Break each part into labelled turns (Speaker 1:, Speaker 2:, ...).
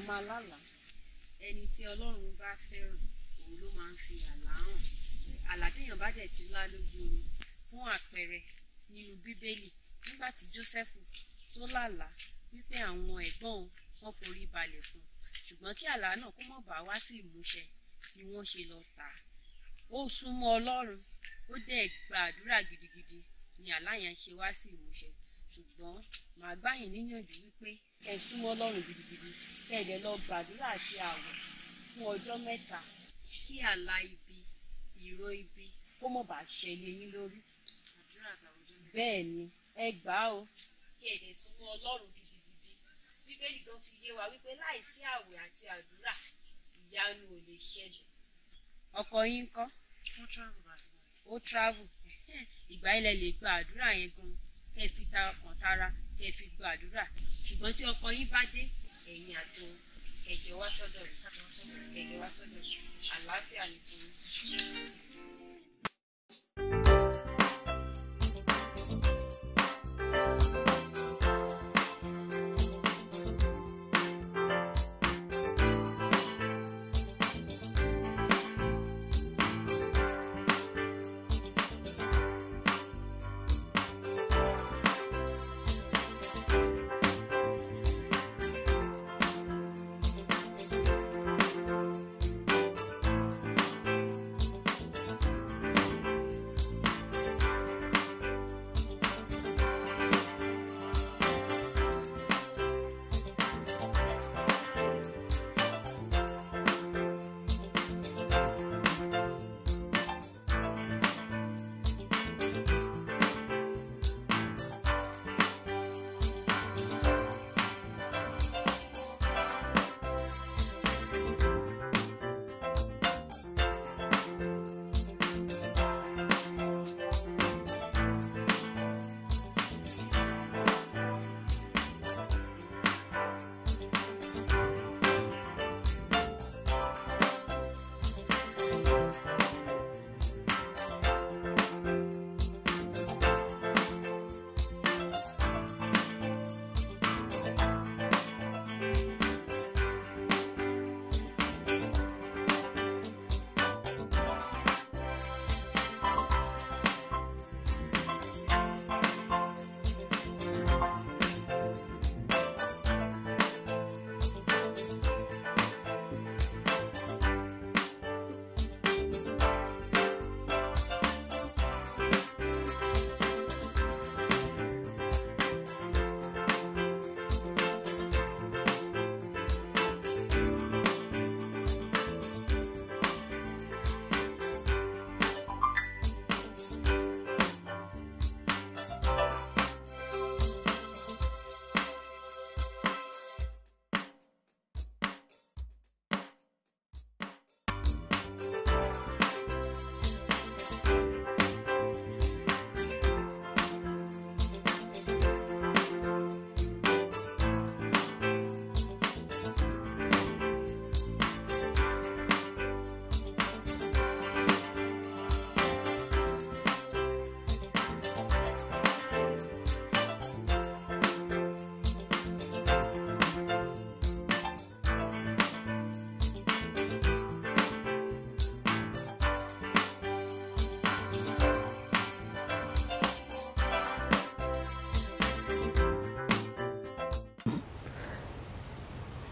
Speaker 1: kéèyàn máa lálàá ẹni tí ọlọ́run bá fẹ́ràn òun ló máa ń fi àlá hàn àlá téèyàn bá dẹ̀ ti lá lójú oorun fún àpẹẹrẹ nínú bíbélì nígbà tí Jósẹ́fù tó lálàá wípé àwọn ẹ̀gbọ́n wọn forí balẹ̀ fún ṣùgbọ́n kí àlá náà kó mọ̀ bá wá sí ìmúṣẹ ni wọ́n ṣe lọ tà á ó súnmọ́ ọlọ́run ó dẹ̀ gbàdúrà gidigidi ni àlá yẹn ṣe wá sí ìmúṣẹ ṣùgbọ́n màá gbà yín níyànjú wípé ẹ súnmọ́ Ọlọ́run gidigidi kẹ ẹ dẹ̀ lọ gbàdúrà àti àwẹ̀ fún ọjọ́ mẹ́ta kí àlá ibi ìró ibi kó mọ̀ bá ṣẹlẹ̀ yín lórí. bẹ́ẹ̀ ni ẹ gbà ó kí ẹ dẹ̀ súnmọ́ Ọlọ́run gidigidi bíbélì gan fi yé wa wípé láìsí àwẹ̀ àti àdúrà ìyanu ò lè ṣẹlẹ̀. ọkọ yín kọ́ ó travel ìgbà ilẹ̀ lè gba àdúrà yẹn gan-an kẹ́ ẹ fi tara kàn tara kẹ́ fi gba àdúrà ṣùgbọ́n tí ọkọ yín bá dé ẹ̀yìn àti ẹ̀jẹ̀ wá sọ́dọ̀ rẹ̀ ẹ̀jẹ̀ wá sọ́dọ̀ rẹ̀ àlàáfíà nìkan.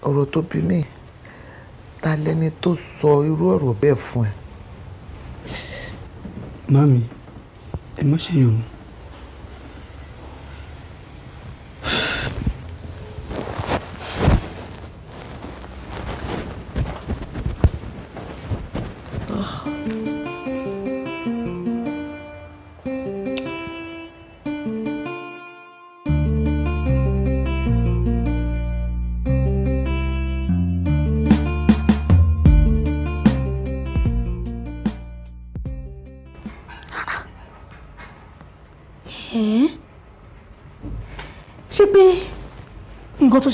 Speaker 2: ọ̀rọ̀ tó bí mi ta lẹni
Speaker 3: tó sọ irú ọ̀rọ̀ bẹ́ẹ̀ fún ẹ. mami ẹ má ṣèyàn o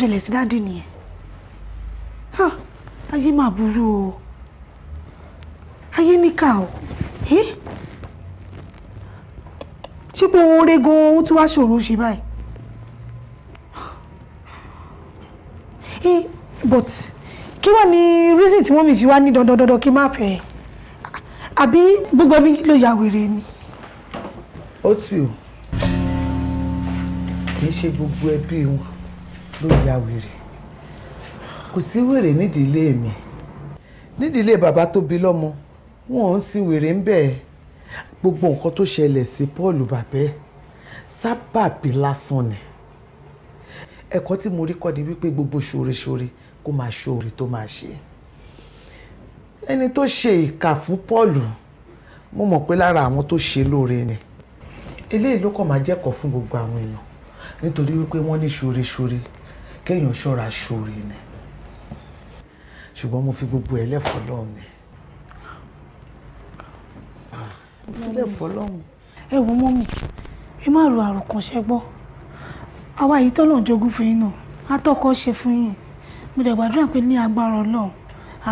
Speaker 4: ṣẹlẹ̀ sí dáàdì nìyẹn ayé mà burú o ayé níkà o ṣé pé òun rẹ gan-an ó tún ṣòro ṣe báyìí but kí wàá ní reason tí wọ́n mi fi wá ní dandandandan kí n má fẹ́ àbí gbogbo ẹbí ló ya wèrè ni.
Speaker 2: ó tì ó kì í ṣe gbogbo ẹbí wọn ló ya wèrè kò sí wèrè nídìílé mi nídìílé bàbá tó bí lọ́mọ wọn ò ń sin wèrè ń bẹ̀ gbogbo nǹkan tó ṣẹlẹ̀ sí Paul bàbẹ́ sábàbí lásán ni ẹ̀kọ́ tí mo rí kọ́ di wípé gbogbo ṣoore-ṣoore kó máa ṣoore tó máa ṣe ẹni tó ṣe ìkà fún Paul mo mọ̀ pé lára àwọn tó ṣe lóore ni eléyìí ló kàn máa jẹ́kọ̀ọ́ fún gbogbo àwọn èèyàn nítorí wípé wọ́n ní ṣoore kéèyàn ṣọ́ra ṣoore ni ṣùgbọ́n mo fi gbogbo ẹ̀ lẹ́fọ̀ọ́ lọ́hùn ni lẹ́fọ̀ọ́ lọ́hùn.
Speaker 4: ẹ wo mọ́mì ẹ má ro àròkànṣe gbọ́ àwa yìí tọ́lọ̀ ń jogún fún yín náà atọ́kọ́ ṣe fún yín mo dẹ̀ gbàdúrà pé ní agbára ọlọ́run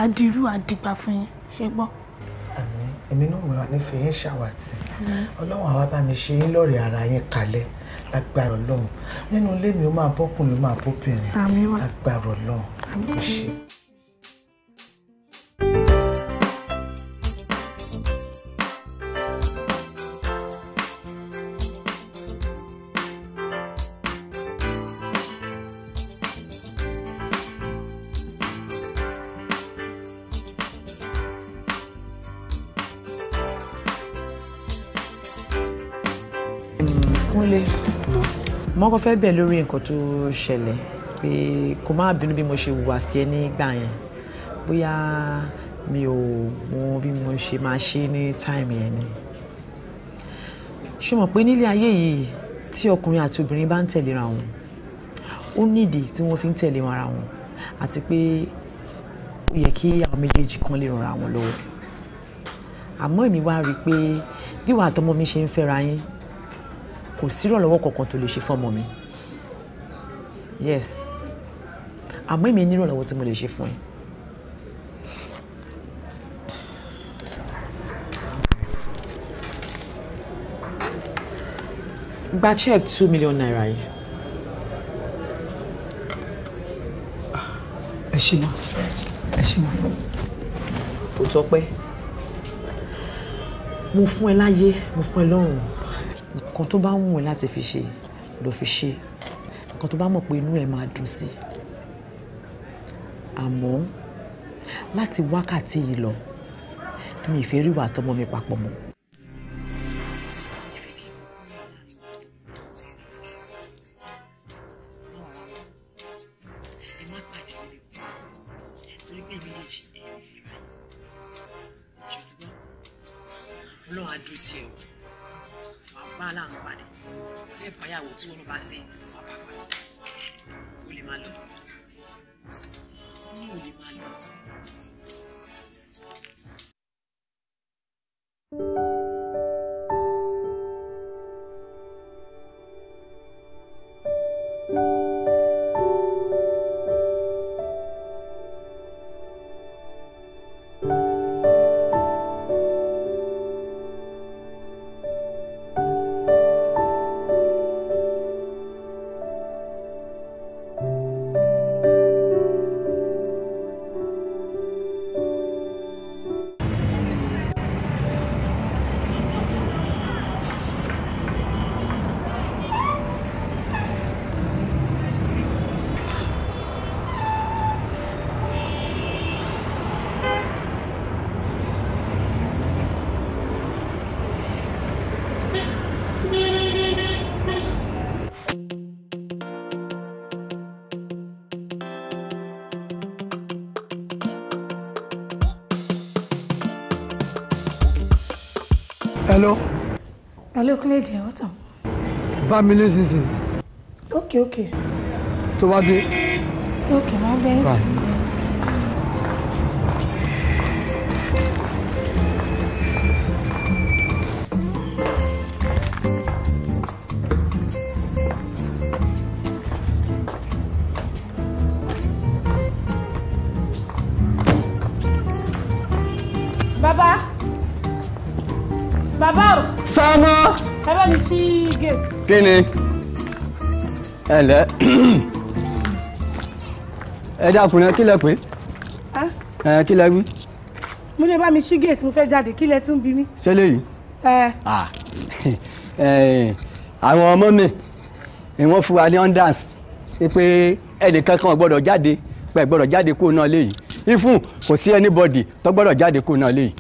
Speaker 4: àdìrú àdìgbà fún yín ṣe gbọ́
Speaker 2: èmi náà múra nífẹ̀ẹ́ yín ṣàwàtì ọlọ́run àwa bá mi ṣe yín lọ́rẹ̀ẹ́ ara yín kalẹ̀ lágbára ọlọ́run nínú ilé mi ó máa bọ́kùnrin
Speaker 3: ó máa bóbìnrin lágbára ọlọ́run
Speaker 4: kò ṣe. Kúnlé mo kọ́ fẹ́ bẹ̀ lórí nǹkan tó ṣẹlẹ̀ pé kó má bínú bí mo ṣe wùwà sí ẹ nígbà yẹn bóyá mi ò mọ bí mo ṣe máa ṣe ní táìmù yẹn ni ṣé mọ̀ pé nílé ayé yìí tí ọkùnrin àti obìnrin bá ń tẹ̀léra wọn ó nídìí tí wọ́n fi ń tẹ̀lé wọn ara wọn àti pé ó yẹ kí àwọn méjèèjì kan lè ràn ara wọn lọ́wọ́ àmọ́ èmi wá rí i pé bí wàá tọmọ mi ṣe ń fẹ́ra yín kò sí ìrànlọ́wọ́ kankan tó lè ṣe fún ọmọ mi yes àmọ́ èmi ní ìrànlọ́wọ́ tí mo lè ṣe fún ẹ. gba check two million naira yìí. ẹ ṣe mọ ẹ ṣe mọ. kò tọ́pẹ́ mo fún ẹ láyé mo fún ẹ lọ́rùn nǹkan tó bá wù ẹ́ láti fi ṣe lọ fi ṣe nǹkan tó bá mọ̀ pé inú ẹ̀ máa dùn sí àmọ́ láti wákàtí yìí lọ mi ìfẹ́ ríwà tọmọ mi papọ̀ mọ́. chocolate yẹn ọ̀tàn.
Speaker 3: bá mi nísinsìnyí. ok ok. tó bá dé.
Speaker 4: ok má bẹ́ẹ̀ sí i. Baba. Baba Sama bá mi ṣí gate.
Speaker 2: kí ni ẹ ǹlẹ́ ẹ dákun náà kí lẹ pé ẹ kí lẹ wí.
Speaker 4: mo lè bá mi ṣí gate mo fẹ́ jáde kí lẹ tún bí mi.
Speaker 2: ṣé lèyí. àwọn ọmọ mi ni wọ́n fún wa ní unders pé ẹnìkan kan gbọ́dọ̀ jáde pẹ̀ gbọ́dọ̀ jáde kó náà léyìí ifun kò sí anybody tó gbọ́dọ̀ jáde kó náà léyìí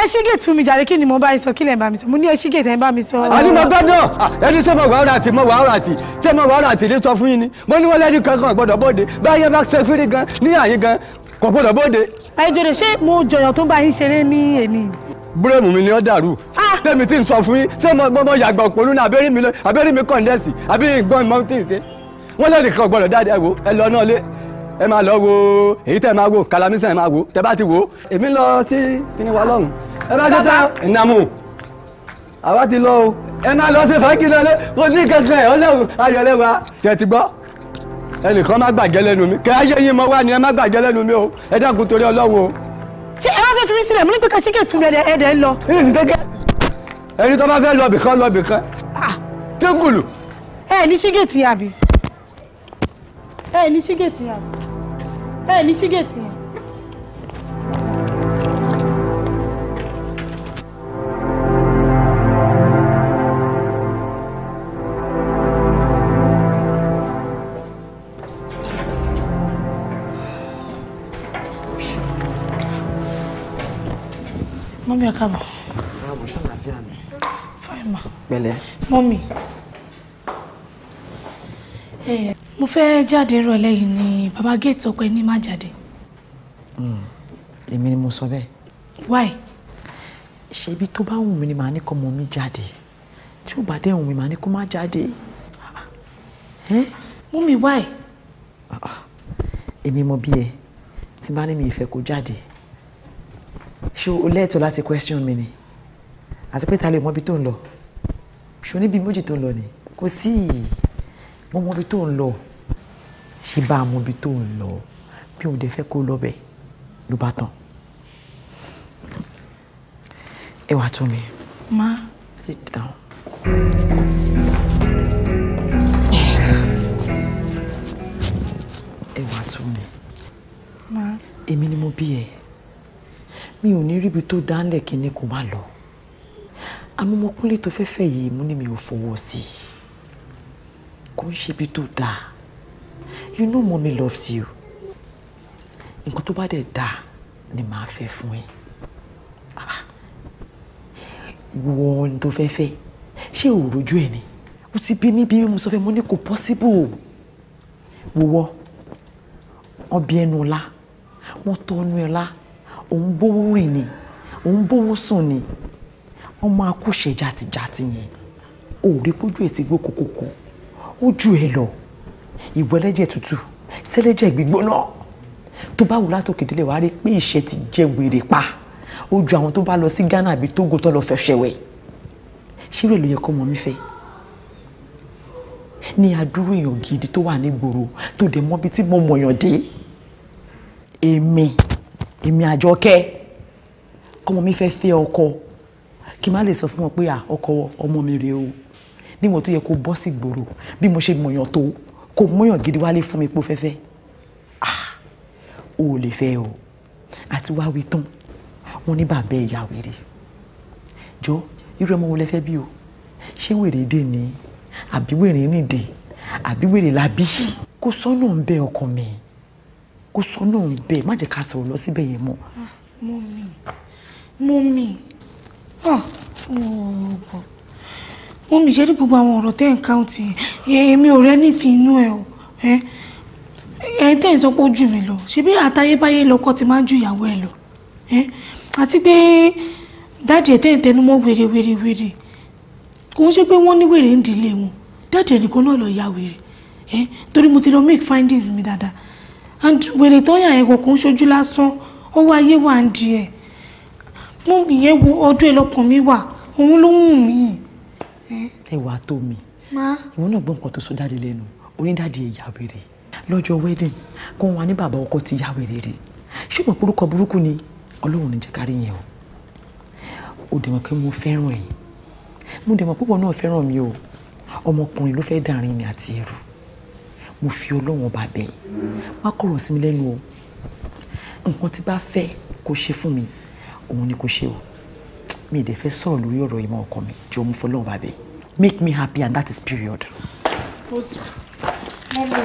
Speaker 4: ẹ ṣí gèètì fún mi jàre kí ni mo bá yín sọ kí lẹ̀ ń bá mi sọ mo ní ẹ ṣí gèètì ẹ̀ ń bá mi sọ. àní mo gbọ́dọ̀
Speaker 2: ẹni sọ mọ̀ wàhálà àti mọ̀ wàhálà àti tẹ́ mọ̀ wàhálà àti ní sọ fún yín ni mo ní wọ́n lẹ́ni kankan gbọ́dọ̀ bóde báyẹn bá ṣe fírí gan ní àyè gan kò gbọ́dọ̀ bóde. ẹ jòrè ṣé mo jọyọ̀ tó bá yín ṣeré ní èmi. búrẹ́mù mi ni ó dàrú ah! tẹ́mi tí ń sọ fún yín ṣé mo mọ yàgbọ̀ òpònú ní abẹ́rẹ́ mi kọ̀ǹdẹ́sì àbí ìgbọ́n mọ́tì ṣe wọ́n lẹ́nìkan gbọ́dọ̀ dáadé ẹ wo ẹ lọ ẹ máa lọ wo èyí tẹ máa wo kalamisa ẹ máa wo tẹ bá ti wo èmi lọ sí kíni wa lọ́hùn ẹ bá ti tán ìnàmù àwa ti lọ o ẹ máa lọ sí fàákì náà lé kó sí kẹsàn-án ọlọ́run ayọ̀lẹ́ wa ṣe ti gbọ́ ẹnìkan má gbàjẹ́ lẹ́nu mi kẹ́ ayé yín mọ wá ni ẹ má gbàjẹ́ lẹ́nu mi o ẹ dákun torí ọlọ́run o. ṣé ẹ wá fẹ́ fi mí sílẹ̀ mo ní pé ká ṣíkè tún ẹ̀dẹ̀ ẹ̀dẹ̀ ń lọ. ẹni tó bá fẹ́ lọ bìkan lọ bìkan. tẹ́kùlù.
Speaker 4: ẹ ní ṣígẹ̀tì àbí ẹ ní ṣígẹ̀tì àbí ẹ ní ṣígẹ̀tì yẹn. mọ́mí ẹ káàbọ̀. káàbọ̀ ṣàlàáfíà ni. fáìmà. pẹ̀lẹ́. mọ́mí fẹ́ jáde rọ̀lẹ́ yìí ni bàbá géètì ọpẹ ní má jáde. Hmm, èmi ni mo sọ bẹ́ẹ̀. why. ṣebí tó bá wù mí ni màá ní kọ́ ọmọ mi jáde tí ò bá dé wù mí màá ní kó má jáde. mú mi why. èmi mọ bí ẹ tí bá ní mi ìfẹ́ kó jáde ṣé o lẹ́ẹ̀tọ́ láti question mi ni àti pé ta lè mọ ibi tó ń lọ ṣo níbi méjì tó ń lọ ni kò sí mo mọ ibi tó ń lọ ṣe bá a mọ ibi tó ń lọ bí òun dẹ̀ fẹ́ kó lọ bẹ̀ ló bá tán. ẹ wá tún mi. ma sit down. ẹ wá tún mi. ma èmi ni mo bí ẹ mi ò ní ríbi tó dánlẹ̀ kíní kó má lọ àmọ́ ọmọkùnrin tó fẹ́ fẹ́ yìí mú mi ò fọwọ́ sí i kò ń ṣe ibi tó dáa you know mommy loves you nǹkan tó bá dẹ̀ dáa ni màá fẹ́ fún ẹ ah, wọ́n tó fẹ́ fẹ́ ṣé ò rojú ẹ̀ ni o ti bí mi bí mi mo sọ fẹ́ mo ní kò possible wọ́wọ́ ọbẹ̀ ẹnu ọ̀la wọ́n tọ́ ọnu ẹ̀ la òun bówó rìn ni òun bówó sùn ni ọmọ akúṣe jàtìjàtì yẹn ò rí ẹ̀ ti gbó kókó ó ju ẹ lọ ìwọ ẹlẹ́jẹ̀ tútù sẹ́lẹ́jẹ̀ gbígbóná tó bá wù látòkè délé wàá rí pé ìṣẹ́ ti jẹ wèrè pa ó ju àwọn tó bá lọ sí Ghana àbí Togo tó lọ fẹsẹ̀ wẹ̀ ṣírò èlò yẹ kó mọ mi fẹ́ ní adúrú èèyàn gidi tó wà nígboro tó dẹ̀ mọ́bi tí mo mọ̀yàn dé èmi èmi àjọkẹ́ kọ́mọ mi fẹ́ fẹ́ ọkọ kí n má lè sọ fún wọn pé ọkọ ọmọ mi rèé o níwọ̀n tó yẹ kó bọ́ sí gbòòrò bí mo ṣe mọ̀yàn tó kò múyàn gidi wálé fún mi pò fẹ́fẹ́ ah, o ò lè fẹ́ o àti wá wí tán wọn ní bàbá ẹ̀ wèrè jọ irú ọmọ wo lẹ fẹ́ bí o ṣé wèrè dè ní àbí wèrè nìdè àbí wèrè làbí kò sọ́nà ń bẹ ọkàn mi kò sọ́nà ń bẹ má jẹ́ ká sọ̀rọ̀ lọ síbẹ̀ yẹn mọ́. mọ́mì mọ́mì ọ̀ ọ̀ gbọ́ mo mi ṣe rí gbogbo àwọn ọ̀rọ̀ tẹ́ ẹ̀ ń káùntì èmi ò rẹ́ nìtì inú ẹ̀ o ẹ̀yin tẹ́ ẹ̀ ń sọ pé ó jù mí lọ ṣebí àtayébáyé lọ́kọ ti máa ń ju ìyàwó ẹ̀ lọ àti pé dáàdì ẹ̀ tẹ́ ẹ̀ ń tẹnu mọ́ wèrè wèrè wèrè kò ń ṣe pé wọ́n ní wèrè ń dìlé wọn dáàdì ẹ̀ nìkan náà lọ ya wèrè torí mo ti lọ make findings mi dáadáa and wèrè tó yà yẹn kò ń ṣojú lásán ọwọ́ ayé wà ń di ẹ̀ mo ìyẹn ọdún ẹ̀ lọkàn mi wà òun ló wù mí yìí ẹ wàá tó mi ìwọ náà gbọ́ nǹkan tó sọ jáde lẹ́nu onídàdí ẹ̀ yà wèrè lọ́jọ́ wedding kó wọn ní bàbá ọkọ ti yà wèrè rí ṣé mo porúkọ burúkú ni ọlọ́run ní jẹ́ ká rí yẹn o ò dẹ̀ mọ̀ pé mo fẹ́ràn ẹ̀yìn mo dẹ̀ mọ̀ púpọ̀ náà fẹ́ràn mi o ọmọkùnrin ló fẹ́ dàrin mi àti ẹrù mo fi ọlọ́run ọba bẹ̀ wá kọ̀rọ̀ sí mi lẹ́nu o nǹkan tí bá fẹ́ kó ṣe fún mi òun ni kó ṣe o mi ì dẹ̀ fẹ́ sọ̀rọ̀ lórí ọ̀rọ̀ ìmọ̀ ọkọ mi jọ mo fọlọ́run bàbá make me happy and that is period. mọ́mí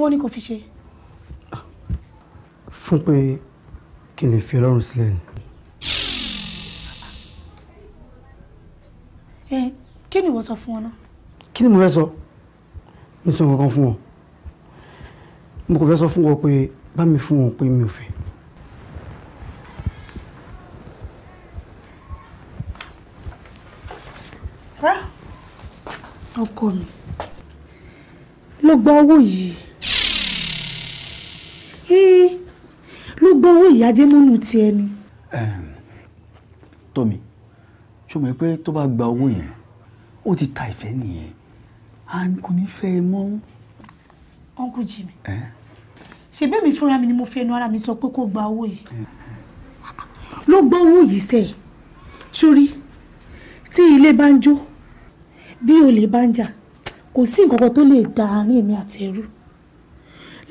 Speaker 4: wọ́n ní kò fi ṣe.
Speaker 3: fún pé kí n lè fi ọlọ́run sílẹ̀ ni.
Speaker 4: ẹ kí ni ìwọ sọ fún wọn náà.
Speaker 3: kí ni mo fẹ́ sọ mi sọ nǹkan fún wọn mo kò fẹ́ sọ fún wọn pé bá mi fún wọn pé mi ò fẹ́.
Speaker 4: ọkọ mi ló gba owó yìí Eh, ló gbọ́ owó ìyájẹ́ mọ́nú ti ẹni.
Speaker 2: Ehm, Tómi ṣó mọ̀ pé tó bá gba owó yẹn ó ti ta ìfẹ́ nìyẹn
Speaker 4: à ń kò ní fẹ́ ẹ mọ́. uncle Jimmy eh? ṣebí mi fúnra mi ni mo fẹnu ara mi sọ pé kó gba owó yìí eh. ló gbọ́ owó yìí sẹ́ sórí tí ilé bá ń jó bí olè bá ń jà kò sí nǹkan tó lè da àárín èmi àti ẹrú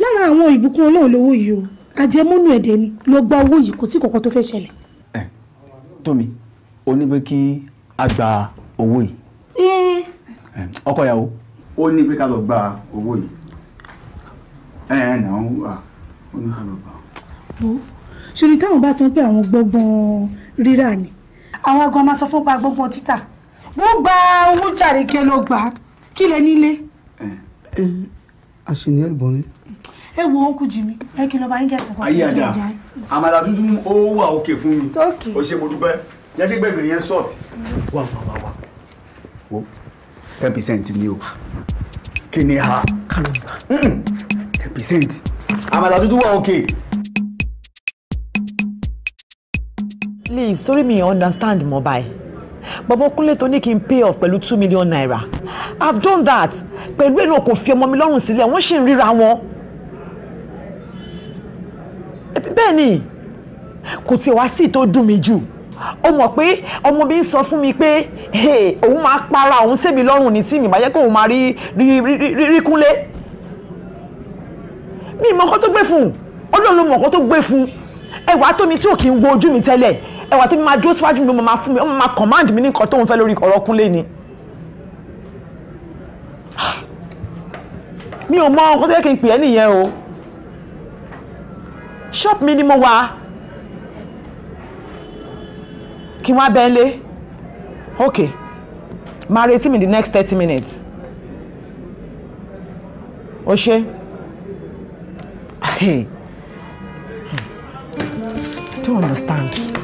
Speaker 4: lára àwọn ìbùkún ọlọ́run lówó yìí o àjẹmọ́nú ẹ̀dẹ̀ ni lọ gba owó yìí kò sí kankan tó fẹ́ ṣẹlẹ̀. ẹ
Speaker 2: tómi o ní pé kí a gba owó yìí. ọkọ ìyàwó ó ní pé ká lọ gba owó yìí
Speaker 3: ẹ ẹ nà ó wà ó ní ká lọ gba.
Speaker 4: ṣòrí táwọn bá sọ pé àwọn gbọ́ngbọ́n rírà ni àwọn agan máa sọ fún pa gbọ́ngbọ́n títà wọ́n gba owó jàre kí ẹ lọ gbà kí lẹ nílé. ẹ ẹ
Speaker 3: àṣìní ẹ̀rù bọ̀ ni
Speaker 4: ẹ wo òun kù jì mí ẹ kí lọ́ba yín gẹ̀ẹ́tì kan tó jẹ́ ìjà yín.
Speaker 2: àmàlà
Speaker 3: dúdú ó wà òkè fún mi ó ṣe mo dúpẹ́ yẹ́dẹ́gbẹ̀gbẹ̀ yẹn sọ̀t. wà wà wà wà wo ten percent ni o kí ni a ten percent àmàlà dúdú wà òkè.
Speaker 4: please sorry, me understand mobile, báyìí bàbá Kúnlé tó ní kí n pay off pẹ̀lú two million naira I've done that pẹ̀lú ẹ̀ náà kò fi ọmọ mi lọ́rùn sílẹ̀ wọ́n ṣì ń ríra wọn bẹ́ẹ̀ ni kò tiẹ̀ wá sí tó dùn mí jù ó mọ̀ pé ọmọ bí ń sọ fún mi pé òun máa para òun sèmi lọ́rùn ní tí mi bá yẹ kó òun máa rí rí kúnlé mi mọ̀ nǹkan tó gbé fún un ọlọ́run ló mọ̀ nǹkan tó gbé fún un ẹwà tómi tí ò kí ń wo ojú mi tẹ́lẹ̀ ẹwà tómi máa dúró síwájú mi ó máa fún mi ó máa command mi ní nǹkan tóun fẹ́ lórí ọ̀rọ̀ kúnlé ni. mi ò mọ̀ nǹkan tó yẹ kí n pè é nìyẹn o shop mi ni mo wà kí wọ́n abẹ́ lé ok máa retí mi the next thirty minutes o ṣe hmm. hmm. don't understand.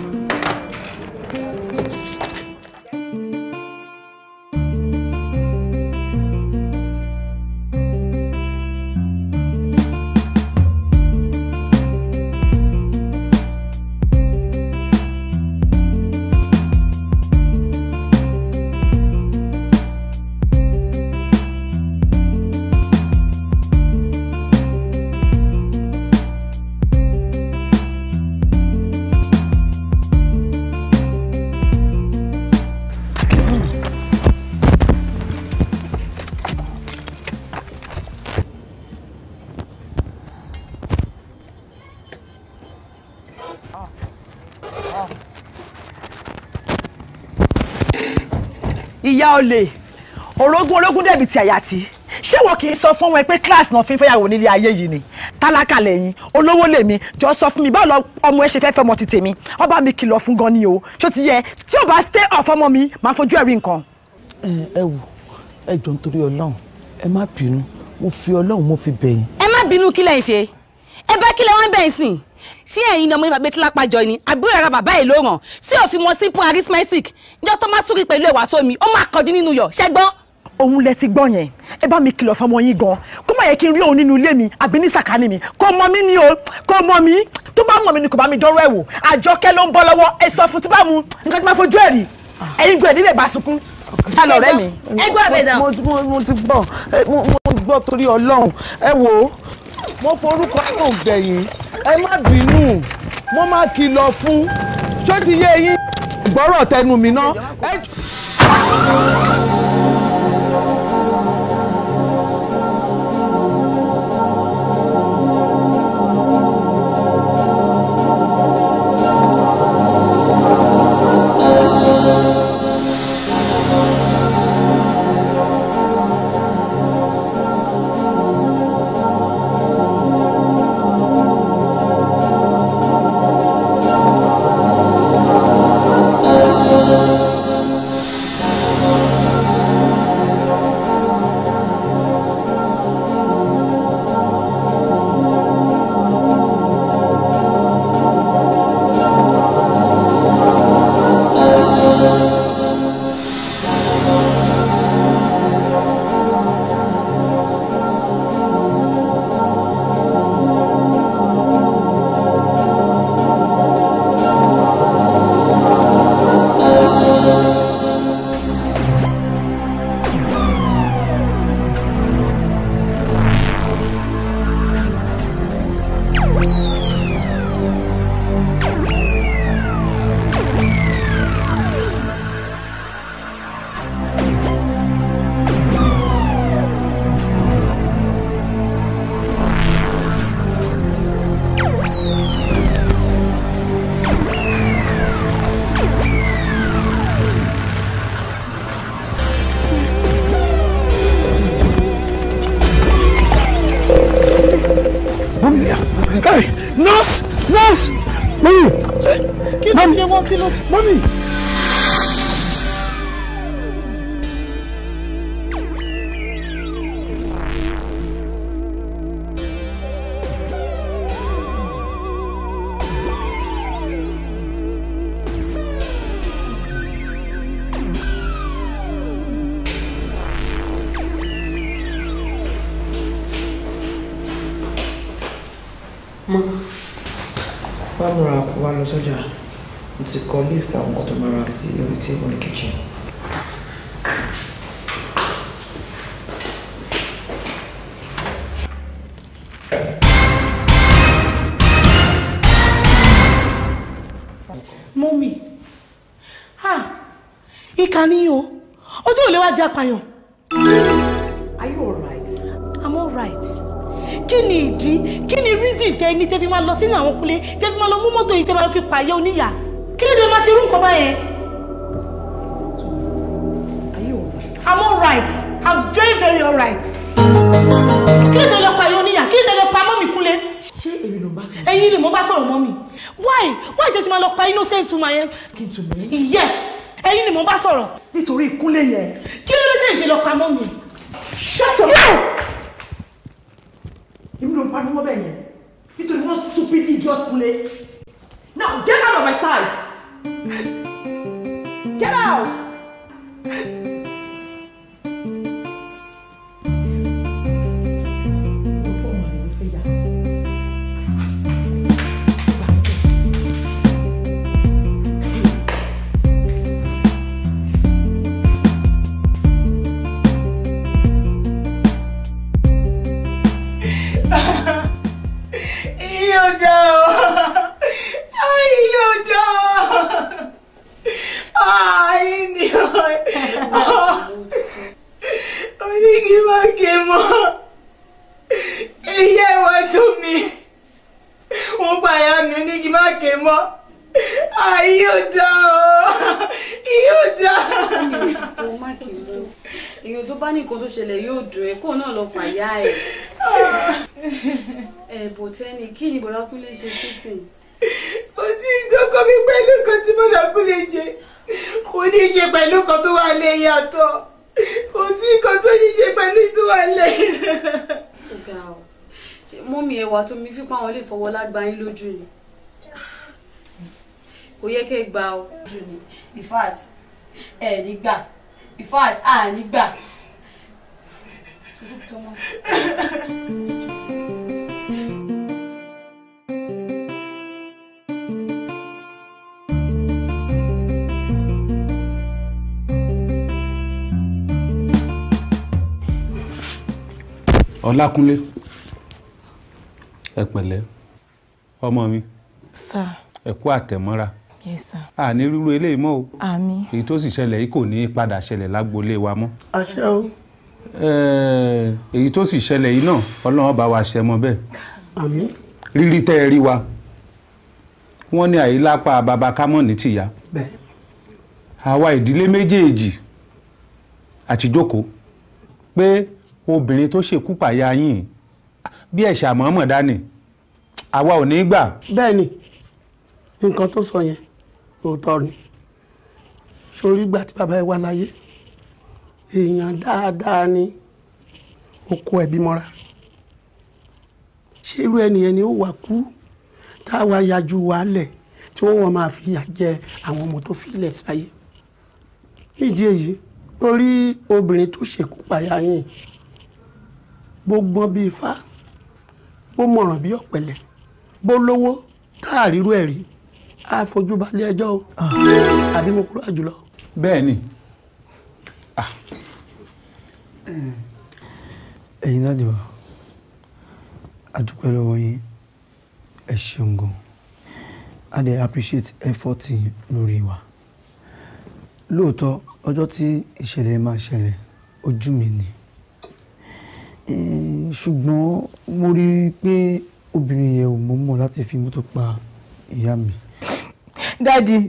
Speaker 4: ìyá olè orogún orogún dẹ̀bi ti àyà tí ṣé wọn kì í sọ fún wọn pé class náà fi ń fẹ́yàwó nílé ayé yìí ni tálákà lẹ́yìn olówó lèmi jọ sọ fún mi báwo lọ ọmọ ẹ ṣe fẹ́ fẹ́ ọmọ ti tèmi ọba mi kìlọ̀ fún gan ni o ṣó ti yẹ tí ò bá stay off ọmọ mi máa fojú ẹ̀
Speaker 2: rí nǹkan. ẹ wò ẹ jọ nítorí Ọlọ́run ẹ má bínú mo fi Ọlọ́run mo fi bẹ̀yín.
Speaker 1: ẹ má bínú kí lẹ ṣe ẹ bá kílẹ̀ wọn bẹ̀rẹ̀ sìn ṣé ẹ̀yin ni ọmọ yìí máa gbé tí lápá jọ ni àbúrò ara bàbá ẹ̀ ló ràn tí ò fi mọ simple arithmetic níjọ́ tó máa súrí pẹ̀lú ẹ̀wà sómi ó máa kọjú nínú yọ̀ ṣẹ́gbọ́n
Speaker 4: òun lẹ ti gbọ́ yẹn ẹ bá mi kìlọ̀ fọmọ yín gan kó má yẹ kí n rí òun nínú ilé mi àbí ní sàkání mi kó mọ mi ni o kó mọ mi tó bá mọ mi ni kò bá mi dọ́rọ̀ ẹ̀ wò àjọkẹ́ ló ń bọ́ lọ́wọ́ ẹ sọ fún tí bá mu nǹkan tí máa fojú ẹ̀ rí ẹ̀yin gbọ́ ẹ̀ nílẹ̀ bá sunkún
Speaker 2: alọ rẹ mi. ẹ gbọ́ àbẹ̀dà. mo ti gbọ́ torí ọlọ́run ẹ wò ó mo forúkọ àtògbẹ̀yìn ẹ má bínú mo máa kìlọ̀ fún ṣó ti yé yín gbọ́rọ̀ tẹnu mi ná.
Speaker 3: múra
Speaker 4: kó wá lọ sọ́jà mo ti kọ list àwọn nǹkan tó máa ra sí orí table ní kitchen. mọ́mì ah, ìkànnì yìí o ojú ò lè wá jẹ́ apààyàn. kí ni ìdí kí ni reason tẹ ní tẹ fi máa lọ sínú àwọn kúlé tẹ fi máa lọ mú mọ́tò yìí tẹ máa fi pààyà oníyà kí ló dé máa ṣe irú nǹkan báyẹn. I'm alright I'm very very alright kí ló dé lọ pààyà oníyà kí ló dé lọ pa mọ́mì kúlé. ṣé èmi ló bá sọ̀rọ̀ ẹ̀yin lè mo bá sọ̀rọ̀ mọ́mì why why tẹ ṣe máa lọ pa innocent woman yẹn. kí n tún mú yes ẹ̀yin ni mo bá sọ̀rọ̀. nítorí ìkúnlẹ̀ yẹn. kí ló dé ìṣe lọ pa shut up. Yeah mi ò pariwo bẹ́ẹ̀ yẹn nítorí wọ́n stupid idiot kúnlé now get out of my sight get out.
Speaker 1: gbà ó jù ní in fact ẹ ní gbà in fact a ní gbà.
Speaker 2: Ọlákúnlé ẹ pẹ̀lẹ́ ọmọ mi. ẹ kú àtẹ̀mọ́ra yes sir. a ní rírú eléyìí mọ́ o. àmín. èyí tó sì ṣẹlẹ̀ yìí kò ní í padà ṣẹlẹ̀ lágboolé wa mọ́. àṣẹ o. èyí tó sì ṣẹlẹ̀ yìí náà ọlọ́run bá wa ṣẹ mọ́ bẹ́ẹ̀. àmín. rírí tẹ́ ẹ rí wa wọ́n ní àyílápá baba kámọ́ ní tìyá. bẹ́ẹ̀. àwa ìdílé méjèèjì àti jókòó pé obìnrin tó ṣekú pàyà yín bí ẹ̀ṣà mọ̀ọ́mọ̀ dání àwa ò ní gbà. bẹ́ẹ̀ ni tó sọ yẹn òótọ́ ni sórí ìgbà tí bàbá ẹ wà láyé èèyàn dáadáa ni ó kó ẹbí mọ́ra ṣé irú ẹnìyẹn ni ó wà kú táwa yajú wàálẹ̀ tí wọ́n máa fi yà jẹ àwọn ọmọ tó filẹ̀ sáyé nídìí èyí
Speaker 3: lórí obìnrin tó
Speaker 2: ṣekú payá yìí bó gbọ́n bíi ifá bó mọ̀ràn bíi ọ̀pẹ̀lẹ̀ bó lówó táàrírú ẹ̀ rí a fojú balẹ̀ ẹjọ́ o ah. àbí mo kúrò àjùlọ. bẹ́ẹ̀ ni ah.
Speaker 3: ẹ̀yin náà dìbò àdúpẹ́ lọ́wọ́ yín ẹ ṣeun gan a dey appreciate effort yín lórí wa lóòótọ́ ọjọ́ tí ìṣẹ̀lẹ̀ máa ṣẹlẹ̀ ojú mi ni ṣùgbọ́n mo rí i pé obìnrin yẹn ò mọ̀ọ́mọ̀ láti fi mọ́tò pa ìyá mi dáàdì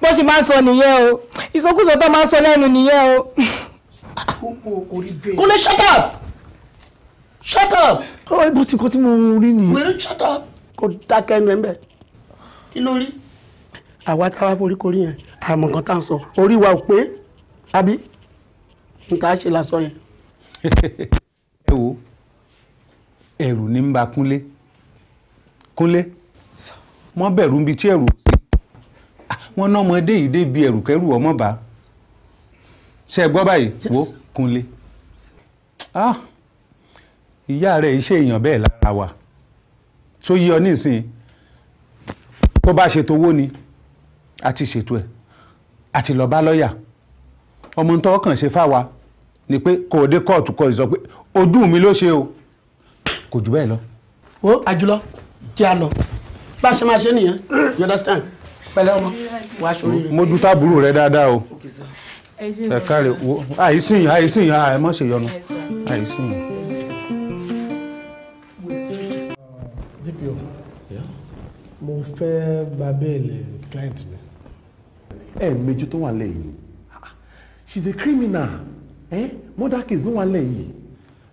Speaker 3: bó ṣe máa ń sọ nìyẹn o ìsọkúsọ tó máa ń sọ lẹ́nu
Speaker 4: nìyẹn o. kò lè shut up shut up.
Speaker 2: ó ibo tí kò tí mo rí nìyẹn. kò lè shut up. kò dákẹ́ ẹnu ẹ̀ ń bẹ̀. kí ló rí. àwa táwa forí korí yẹn àmọ̀ nǹkan tá à ń sọ orí wa ò pé àbí nǹkan á ṣe lásán yẹn. ẹ wo ẹ̀rù ni ń ba kúnlé kúnlé mọ́ bẹ̀rù ń bi tí ẹ̀rù sí Ah, wọn ná ọmọdé yìí débi ẹrùkẹrù ọmọ bá ṣe gbọ́ báyìí wo Kúnlé ah, ìyá rẹ̀ iṣẹ́ èèyàn bẹ́ẹ̀ lára wa tó yí ọ nísìn tó bá ṣètò owó ni a ti ṣètò ẹ̀ a ti lọ bá lọ́ọ̀yà ọmọ tó kàn ṣe fáwa ni pé kò dé kóòtù kọ ìsọ pé ojú mi ló ṣe o kò jù bẹ́ẹ̀ lọ. ó àjùlọ tí a lọ bá a ṣe máa ṣe nìyẹn you understand pẹ̀lẹ́ ọmọ wàá sórí mo dun tábùrù rẹ dáadáa o ẹ káre wo àìsìn àìsìn yìí àì mọ̀ ṣe yọnu àìsìn dpo mo fẹ́ gba bẹ́ẹ̀lì client mi. ẹ méjì tó wà lẹ́yìn ah, she is a criminal eh? murder case ló wà lẹ́yìn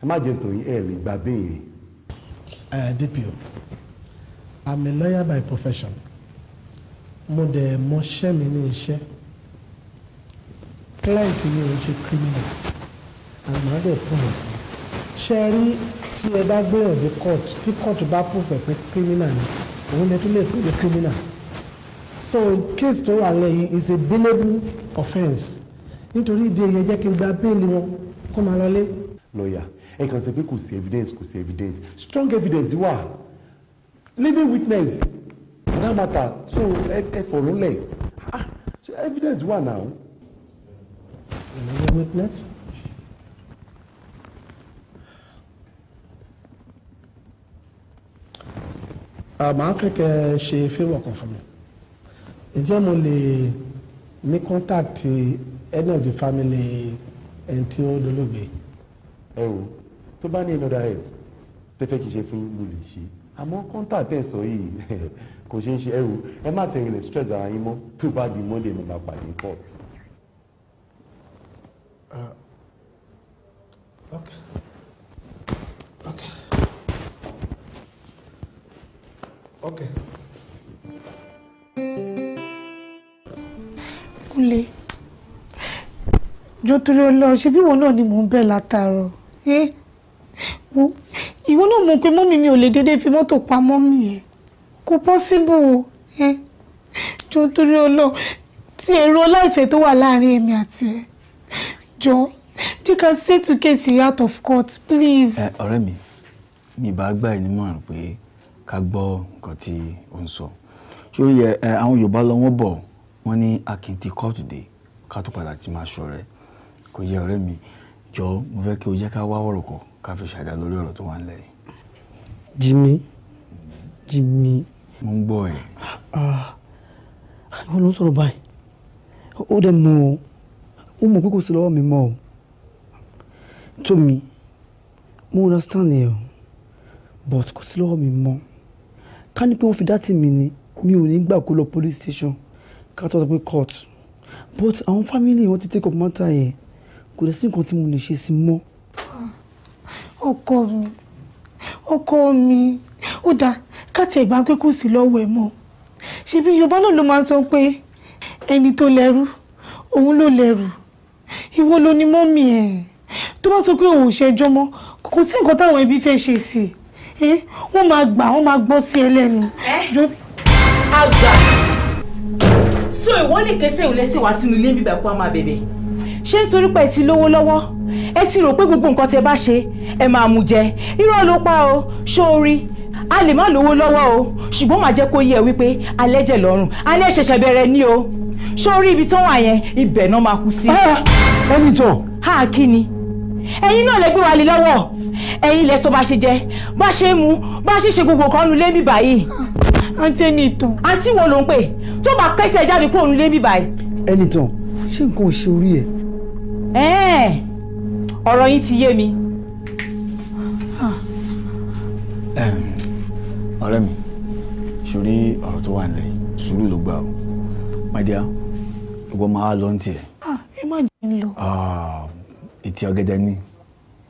Speaker 2: ẹ má jẹun tòun ẹ lè gba bẹ́ẹ̀. dpo
Speaker 3: i'm a lawyer by profession mo dẹ̀ mọṣẹ́ mi ní iṣẹ́ client mi ò ṣe criminal àmọ́ dẹ̀ fún mi
Speaker 2: ṣe rí tí ẹ bá gbéyàn dé court tí court bá pòfẹ̀ pé criminal ni òun lè tún lè pè ní criminal so case tó wà lẹ́yìn is a billable offence nítorí ìdí èyí ẹ jẹ́ kí n gba bẹ́ẹ̀lì wọn kó máa lọlé. lọ́ọ̀yà ẹ kàn sọ pé kò sí evidence kò sí evidence strong evidence wà living witness that matter uh, so ẹ fọ̀rọ̀ lẹ̀ ah so evidence wà now.
Speaker 3: another witness. Ah, màá fẹ́ kẹ́ ẹ ṣe favour kan fún mi
Speaker 2: ǹjẹ́ mo lè ní contact any of the family ẹni tí ó dolóògbé. ẹ o tó bá ní another help tẹ́fẹ́ kìí ṣe fún mi lè ṣe àmọ́ contact tẹ̀ sọ yìí kò ṣeé ṣe ẹrù ẹ má tẹ̀rìnlẹ̀ stress ara yín mọ́ tó bá di monday mo máa pàdé ní court.
Speaker 3: Uh, okay okay okay.
Speaker 4: kúnlẹ̀ jọ torí ọlọ ṣe bí wọn náà ni mò ń bẹ̀ látàárọ̀ eh? ìwọ náà mọ̀ pé mọ́mì mi ò lè déédéé fi mọ́tò pa mọ́mì yẹn kò pọ́síbù ẹ jọ nítorí ọlọ́run tí èrò ọláìfẹ́ tó wà láàrin èmi àti ẹ jọ you can say to case out of court please.
Speaker 2: ẹ ọ̀rẹ́ mi mi ì bá gbà ẹ́ nímọ̀ràn pé ká gbọ́ nǹkan tí ó ń sọ sórí ẹ àwọn yorùbá lọ wọ́n bọ̀ wọ́n ní a kì í ti kóòtù dé ká tó padà ti máa sọ rẹ kò yẹ ọ̀rẹ́ mi jọ mo fẹ́ kí o jẹ́ ká wá ọ̀rọ̀ ká fi ṣàdá lórí ọ̀rọ̀ tó wà ń lẹ́yìn.
Speaker 3: Jimmy Jimmy mo ń gbọ́ ẹ̀. ìwọ ló ń sọ̀rọ̀ báyìí ó dẹ̀ mọ̀ ó mọ̀ pé kò sí lọ́wọ́ mi mọ́ o tómi mo understand ẹ but kò sí lọ́wọ́ mi mọ́ ká ní pé wọ́n fi dá tì mí ni mi ò ní gbà kó lọ police station ká tó sọ pé court but àwọn family wọn ti take up matter yẹn kò dẹ̀ sí nǹkan tí mo lè ṣe sí mọ́.
Speaker 4: ọkọ mi ọkọ mi ó dáa káti ẹ̀gbá pé kò sí lọ́wọ́ ẹ̀ mọ́ ṣebí yorùbá náà ló máa ń sọ pé ẹni tó lẹ́rú òun ló lẹ́rù ìwọ ló ní mọ́mì ẹ̀ tó bá sọ pé òun ò ṣẹjọ́ mọ́ kò sí nǹkan táwọn ẹbí fẹ́ ṣe sí i wọ́n máa gbà wọ́n máa gbọ́ sí ẹ lẹ́nu. àgbà so ìwọ lè kẹsẹ̀ ìwọ lẹ́sẹ̀ wá sínú ilé bíbá kó a máa bẹ̀bẹ̀ ṣé nítorí pé ẹ ti lówó lọ́wọ́ ẹ ti rò pé gbogbo nǹkan tẹ bá ṣe ẹ máa mú jẹ irọ́ ló pa o ṣó o rí a lè má lówó lọ́wọ́ o ṣùgbọ́n màá jẹ́ kó yé ẹ wípé alẹ́jẹ̀ lọ́rùn alẹ́ ṣẹ̀ṣẹ̀ bẹ̀rẹ̀ ni o sórí ibi tí wọ́n àyẹn ibẹ̀ náà máa kú sí. Ah! ẹni tán. ha kí ni ẹ̀yin náà lè gbé wa lè lọ́wọ́ ẹ̀yin lẹ sọ bá ṣe jẹ bá ṣe mu bá ṣe ṣe gbogbo kan nu lémi báyìí. àǹtí ẹni tán. àǹtí wo ló ń pè tó bá kẹsẹ̀ jáde kúrò nu lémi báyìí. ẹni tán
Speaker 3: ṣé nǹkan ò ṣe orí ẹ.
Speaker 4: ọ̀rọ̀ yín ti yé mi.
Speaker 2: ẹ̀ẹ́n ọ̀rẹ́ mi sórí ọ̀rọ̀ tó wà nílẹ̀ sùúrù ló gbà o my dear ìwọ máa lọ ní tiẹ̀.
Speaker 4: Ah, ẹ má jẹ́ ń lọ.
Speaker 2: Ah, ìtì ọ̀gẹ̀dẹ̀ ni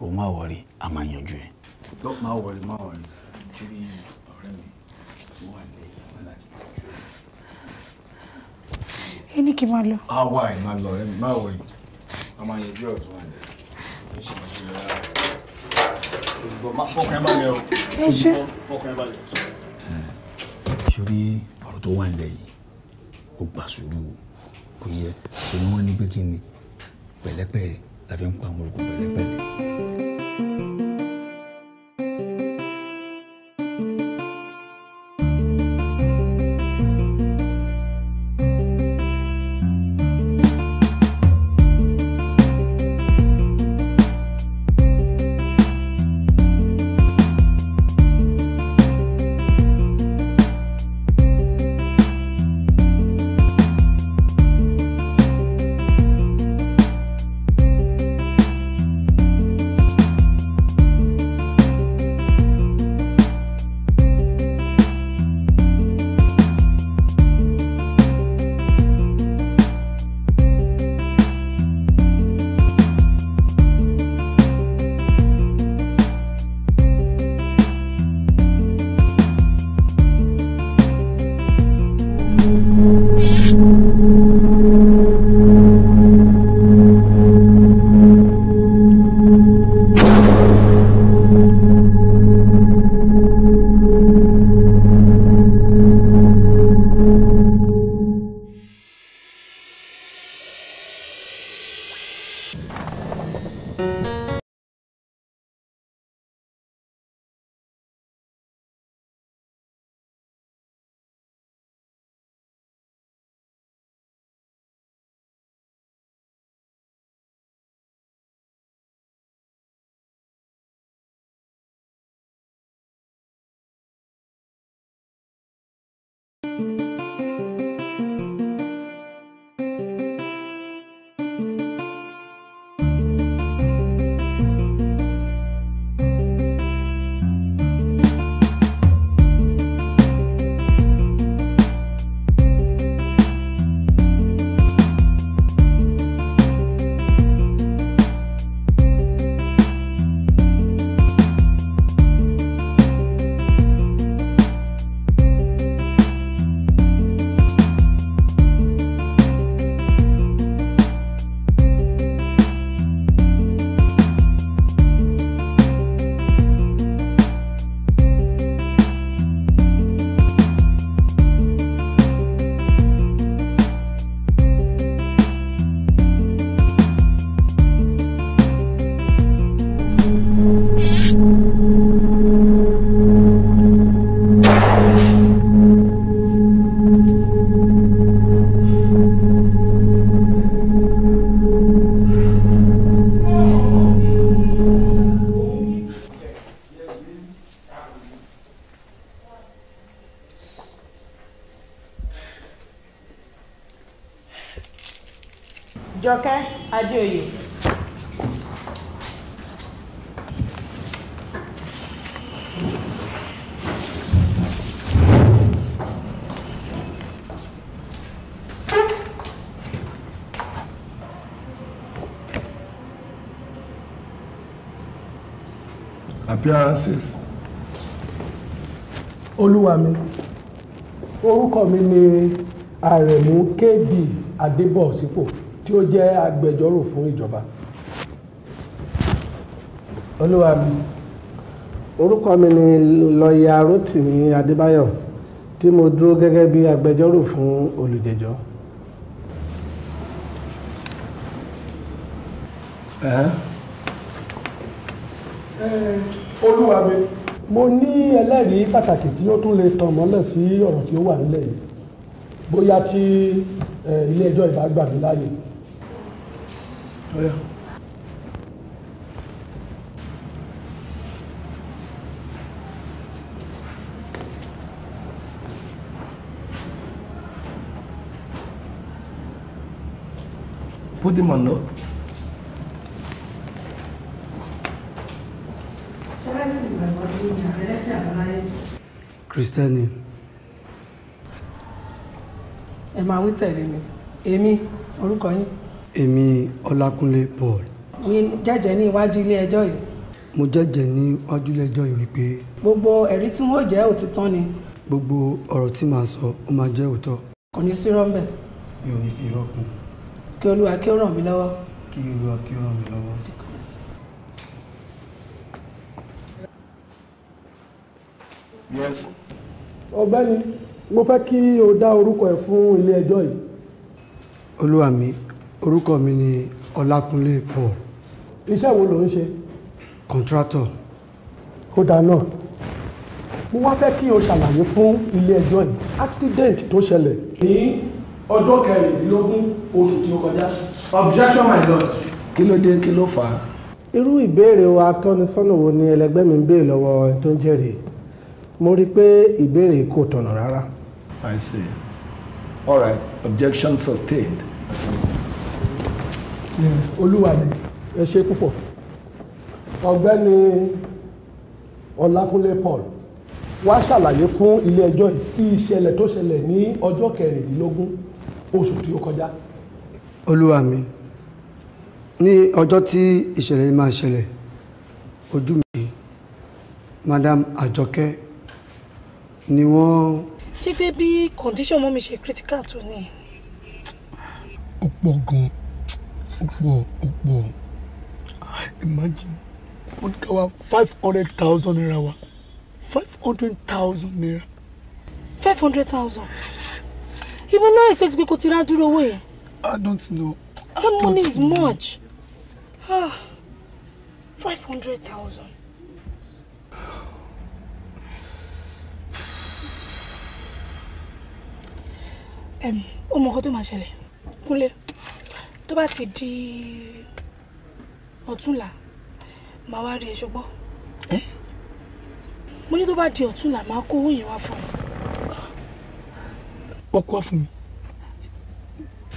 Speaker 2: òun máa wọrí a máa yanjú ẹ̀. máa
Speaker 3: wọrí máa wọrí sórí ọ̀rẹ́ mi tó wà nílẹ̀ yìí
Speaker 4: máa láti yanjú ẹ̀. ẹ ní kí n máa lọ.
Speaker 3: ẹ̀ máa lọ ọ̀rẹ́ a máa yanjú ọ̀rọ̀ wà nílẹ̀ yìí ẹ
Speaker 4: ṣe.
Speaker 2: sórí ọ̀rọ̀ tó wà nílẹ̀ yìí ó gbà sùúrù kò yẹ òun wọn ní pé kí ni pẹ̀lẹ́pẹ̀lẹ́ tàbí ń pa àwọn olùkọ́ pẹ̀lẹ́pẹ̀lẹ́.
Speaker 3: appearances.
Speaker 2: olúwa mi orúkọ mi ni àrẹ̀mú kb adébọ̀sípò tí ó jẹ́ agbẹjọ́rò fún ìjọba. olúwa mi orúkọ mi ni lọ́ọ̀yà rotimi adébáyọ̀ tí mo dúró gẹ́gẹ́ bí agbẹjọ́rò fún olùjẹ́jọ́. Uh-huh. Uh, olúwa mi. mo ní ẹlẹ́rìí pàtàkì tí ó tún lè tàn mọ́lẹ̀ sí ọ̀rọ̀ tí ó wà nílẹ̀ yìí bóyá tí ilé ẹjọ́ ìbá gbà mí láàyè. Put him on note.
Speaker 3: kristẹni.
Speaker 4: ẹ máa wí tẹ̀lé mi èmi orúkọ yín.
Speaker 3: èmi ọlákúnlé paul.
Speaker 4: mi jẹ́jẹ́ ní iwájú ilé ẹjọ́ yìí.
Speaker 3: mo jẹ́jẹ́ ní iwájú ilé ẹjọ́ yìí wípé.
Speaker 4: gbogbo ẹ̀rí tí wọ́n jẹ́ òtítọ́ ni.
Speaker 3: gbogbo ọ̀rọ̀ tí màá sọ ó máa jẹ́ òótọ́. kò ní sí rọ́ńbẹ̀. mi ò ní fi irọ́ kí olúwa kí ó ràn mí lọ́wọ́. kí olúwa kí ó ràn mí lọ́wọ́. Yes
Speaker 2: ọ̀gbẹ́ni mo fẹ́ kí o dá orúkọ ẹ̀
Speaker 3: fún ilé ẹjọ́ yìí. olúwa mi orúkọ mi ni ọlákúnlé paul. iṣẹ́ wo ló ń ṣe. contractor. ó dáa náà
Speaker 2: mo wá fẹ́ kí o ṣàlàyé fún ilé ẹjọ́ yìí accident tó ṣẹlẹ̀. ní ọjọ́ kẹrìndínlógún oṣù tí ó kọjá. objection my lord. kí ló dé kí ló fà á. irú ìbéèrè wa atọ́nisọ́nà wo ni ẹlẹgbẹ́ mi ń béè lọ́wọ́ ẹni tó ń jẹ́rìí mo rí i pé ìbéèrè kò tọ̀nà rárá. I see. All right. Objection sustained. Olúwa mi ẹ ṣe púpọ̀ ọ̀gbẹ́ni Ọlákúnlé Paul wá ṣàlàyé fún ilé ẹjọ́ ìṣẹ̀lẹ̀ tó ṣẹlẹ̀ ní ọjọ́ kẹrìndínlógún oṣù tí ó kọjá.
Speaker 3: Olúwa mi ní ọjọ́ tí ìṣẹ̀lẹ̀ máa ṣẹlẹ̀ ojú mi Madam Àjọkẹ́ ni wọ́n.
Speaker 4: ṣé pé bí condition mọ́ mi ṣe critical tó ni.
Speaker 3: ó pọ̀ gan-an ó pọ̀ ó pọ̀ imagine wọ́n ní ká wá five hundred thousand naira wa five hundred thousand naira.
Speaker 4: five hundred thousand ìwọ náà ẹ̀ ṣètì pé kò ti rá dúró owó yẹn. I don't know. that money is much. Ah, five hundred thousand. o mọ nǹkan tó máa ṣẹlẹ̀ kúnlẹ̀ tó bá ti di ọ̀túnla màá wá rí ẹ ṣọgbọ́n mo ní tó bá di ọ̀túnla màá kó owó yẹn wá fún mi.
Speaker 3: wọ́n kó wá fún mi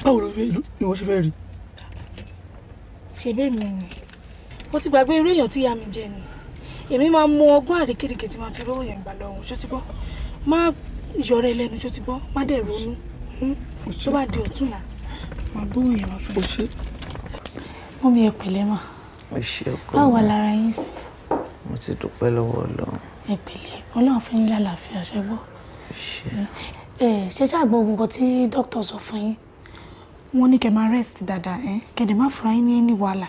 Speaker 3: báwo ni wọ́n ṣe fẹ́ rí. ṣèbẹ́ mi
Speaker 4: ni mo ti gbàgbé irú èèyàn tí ìyá mi jẹ ni èmi máa mú ọgbọ́n àrékèrèkè tí màá fi rówó yẹn gbà lọ́wọ́ ṣó ti gbọ́ má yọrẹ lẹ́nu ṣó ti gbọ́ má dẹ̀ ronú tó bá di ọ̀tún la máa bó yẹn wá fún mi. mú mi ẹ pẹ̀lẹ́ mà.
Speaker 2: mo ṣe ọkọ mi. báwo
Speaker 4: lára yín sí.
Speaker 2: mo ti dúpẹ́ lọ́wọ́ ọlọ́run.
Speaker 4: ẹ pẹ̀lẹ́ ọlọ́run fún yín lálàáfíà ṣe gbọ́. ẹ ṣe ṣàgbọ́n ogun kan tí dókítà sọ fún yín wọ́n ní kẹ́ máa rest dáadáa ẹ kẹ́dẹ̀ má fura yín ní ẹni wàhálà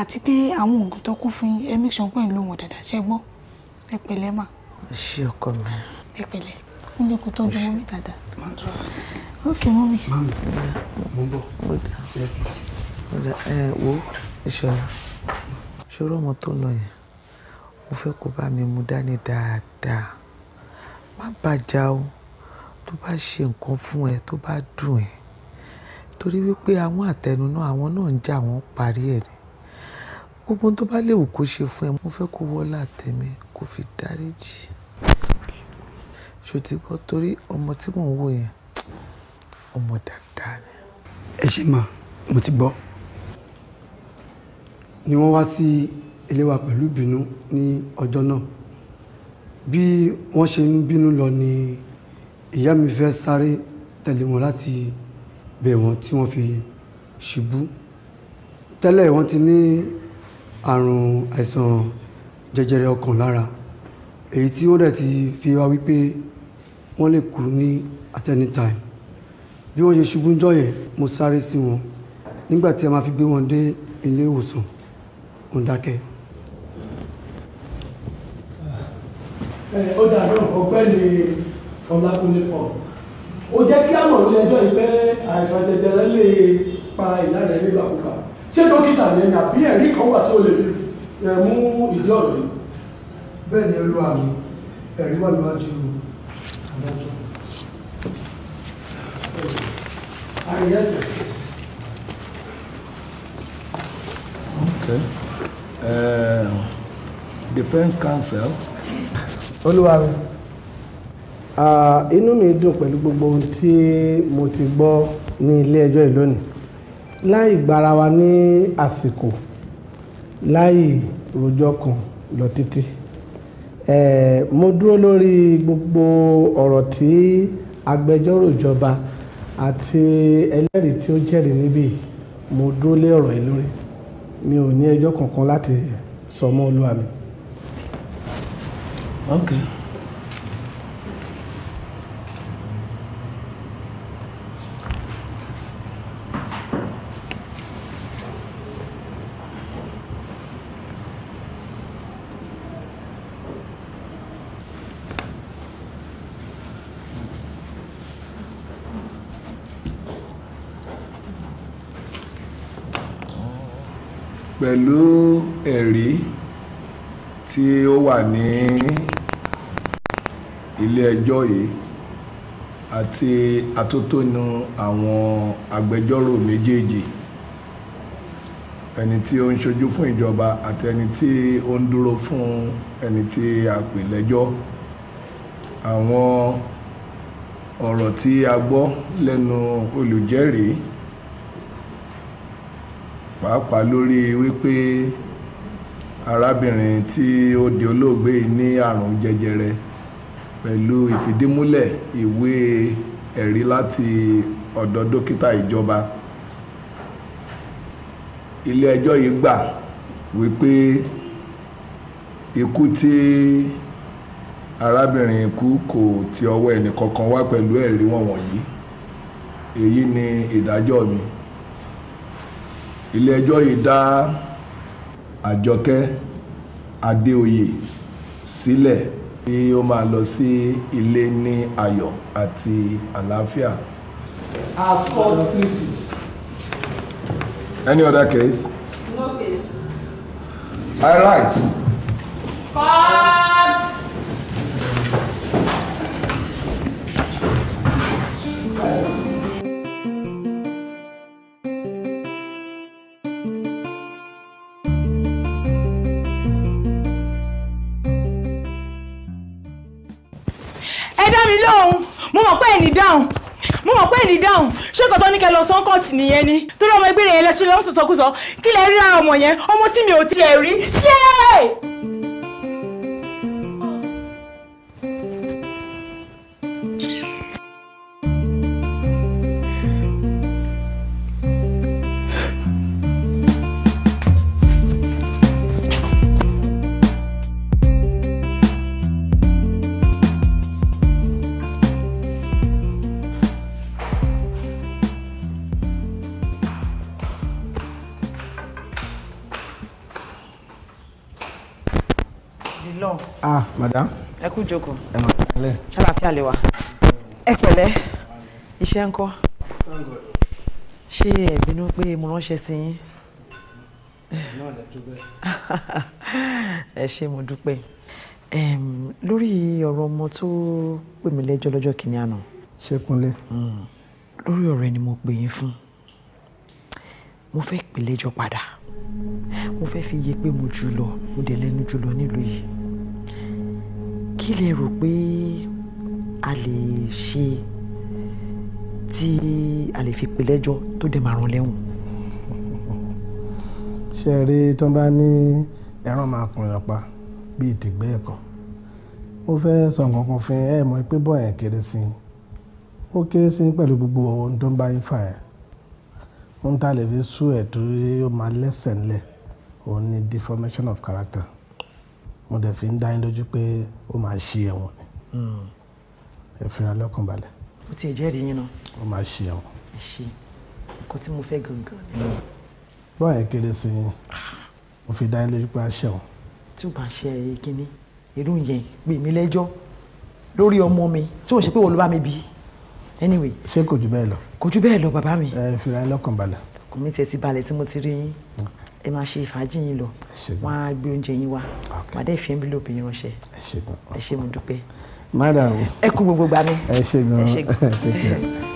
Speaker 4: àti pé àwọn oògùn tó kún fún yín ẹ make sure pé ń lò wọ́n dáadáa ṣe gbọ́ ẹ pẹ̀lẹ́ mà.
Speaker 3: ṣe ọkọ mi.
Speaker 4: ẹ pẹ̀lẹ́ nílé kò tó mami mọ́mí dada.
Speaker 2: ok
Speaker 3: mami. Mami, mo ń bọ̀. mo dà mo dà ẹ wo
Speaker 2: ìṣọ̀lá ṣòro ọmọ tó ń lọ yẹn mo fẹ́ kó bá mi mú dání dáadáa má bàjá o tó bá ṣe nǹkan fún ẹ tó bá dùn ẹ torí wípé àwọn àtẹnunà àwọn náà ń jà wọ́n parí ẹ̀ ni gbogbo tó bá léwu kó ṣe fún ẹ mo fẹ́ kó wọlá tèmi kó fi dáríjì ṣó ti gbọ́ torí ọmọ tí mò ń wò yẹn
Speaker 3: ọmọ dáadáa ni. ẹ ṣe mà mo ti gbọ́ ni wọ́n wá sí ilé wa pẹ̀lú ìbínú ní ọjọ́ náà bí wọ́n ṣe ń bínú lọ ni ìyá mi fẹ́ sáré tẹ̀lé wọn láti bẹ̀ wọ́n tí wọ́n fi ṣubú tẹ́lẹ̀ wọ́n ti ní àrùn àìsàn jẹjẹrẹ ọkàn lára èyí tí wọ́n dẹ̀ ti fi wá wípé wọ́n lè kú ní at any time bí wọ́n ṣe ṣubú ń jọ yẹn mo sáré sí wọn nígbà tí a máa fi gbé wọn dé ilé ìwòsàn mo dákẹ́.
Speaker 2: ó dàbí ọ̀gbẹ́ni ọlákúnlé pọ̀ ó jẹ́ kí àmọ̀ ní ẹjọ́ yìí pé àìsàn jẹjẹrẹ lè pa ìyá rẹ̀ nígbà kúkà ṣé dókítà ni àbí ẹ̀rí kan wà tí ó lè fi mú ìdí ọ̀rọ̀ yìí. bẹ́ẹ̀ ni olúwa
Speaker 3: mi ẹ̀rí wà níwájú I
Speaker 2: Okay. Uh, Defense Counsel. inú mi dùn pẹ̀lú gbogbo ohun tí mo ti gbọ́ ní ilé ẹjọ́ yìí lónìí. Láì gbára wa ní àsìkò, láì rojọ́ kan lọ títí. Mo dúró lórí gbogbo ọ̀rọ̀ tí agbẹjọ́rò ìjọba. àti ẹlẹ́rìí tí ó jẹ́rìí níbí mo dúró lé ọ̀rọ̀ yìí lórí mi ò ní ẹjọ́ kankan láti sọ mọ́ olúwa mi. okay. pẹ̀lú ẹ̀rí tí ó wà ní ilé-ẹjọ́ yìí àti atótónu àwọn agbẹjọ́rò méjèèjì ẹni tí ó ń ṣojú fún ìjọba àti ẹni tí ó ń dúró fún ẹni tí a pè lẹ́jọ́ àwọn ọ̀rọ̀ tí a gbọ́ lẹ́nu olùjẹ́rìí pàápàá lórí wípé arábìnrin tí ó di olóògbé yìí ní àrùn jẹjẹrẹ pẹ̀lú ìfìdímúlẹ̀ ìwé ẹ̀rí láti ọ̀dọ̀ dókítà ìjọba ilé ẹjọ́ yìí gbà wípé ikú tí arábìnrin ikú kò ti ọwọ́ ẹnìkankan wá pẹ̀lú ẹ̀rí wọn wọ̀nyí èyí ni ìdájọ́ mi. E ilé ẹjọ́ yìí dá àjọkẹ́ adéoyè sílẹ̀ tí ó máa lọ sí ilé ní ayọ̀ àti àlàáfíà. as all places. any other case. no case. i rise.
Speaker 4: Bye. mo mọ̀ pé ẹni dáhùn mo mọ̀ pé ẹni dáhùn ṣé kò tó ní kẹ lọ sọ kọ́ọ̀tì nìyẹn ni torí ọmọ ẹgbẹ́ rẹ̀ yẹn lẹ́sẹ̀ lọ́sọ̀sọkúsọ kí lẹ rí ara ọmọ yẹn ọmọ tí mi ò tiẹ̀ rí yéé. ah madam. ẹ kú jókòó. ẹ má pẹ̀lẹ́. ṣàlàfíà lè wà. ẹ pẹ̀lẹ́ iṣẹ́ ńkọ́. ṣé ẹ bínú pé mo ránṣẹ́ sí yín. ẹ ṣé mo dúpẹ́ lórí ọ̀rọ̀ ọmọ tó pè mí lẹ́jọ́ lọ́jọ́ kìíní àná. ṣẹkúnlé. Hmm. lórí ọ̀rọ̀ ẹni mo pè yín fún mo fẹ́ pè lẹ́jọ́ padà mo fẹ́ fi yé pé mo jù lọ mo dẹ̀ lẹ́nu jù lọ nílùú yìí kí lẹ rò pé a lè ṣe tí a lè fi pè lẹ́jọ́ tó dẹ̀ máa rán lẹ́wọ̀n.
Speaker 2: ṣe rí tó bá ní ẹran máa kun èèyàn pa bíi tìgbẹ́ ẹ̀kọ́ mo fẹ́ sọ nǹkan kan fún ẹ mọ̀ pé bọ́ yẹn kéré sí i ó kéré sí i pẹ̀lú gbogbo ohun tó ń bá yín fà ẹ́ ohun tá a lè fi sú ẹ̀ tó yóò máa lẹ́sẹ̀ ńlẹ̀ òun ni deformation of character mo dẹ̀ fi ń dá yín lójú pé ó
Speaker 3: máa ṣe ẹ̀wọ̀n ni hmm. ẹ fira lọ́kàn balẹ̀.
Speaker 4: ó ti ẹ̀jẹ̀ rí yín náà.
Speaker 3: ó máa ṣe ẹ̀wọ̀n. ẹ ṣe
Speaker 4: nǹkan tí mo fẹ́ gangan ni.
Speaker 3: bọ́ọ̀ yẹn kéré sí i mo fi dá yín lójú pé a ṣẹ̀wọ̀n.
Speaker 4: tí o bá ṣe kínní irú yẹn pè mí lẹ́jọ́ lórí ọmọ mi tí wọ́n ṣe pé wọ́n ló bá mi bí anyway. ṣé kò jù bẹ́ẹ̀ lọ. kò jù bẹ́ẹ̀ lọ bàbá mi. ẹ fira yín lọ́kàn balẹ̀. ọkùnrin mi ti balẹ̀ tí mo ti rí yín ẹ máa ṣe ìfàájì yín lọ wọn á gbé oúnjẹ yín wá pàdé ìfẹ́ ń bí lóòpẹ̀ yín ránṣẹ́
Speaker 3: ẹ ṣé mo dúpẹ́ madam ẹ
Speaker 4: kú gbogbo gbà ẹ ṣé gan.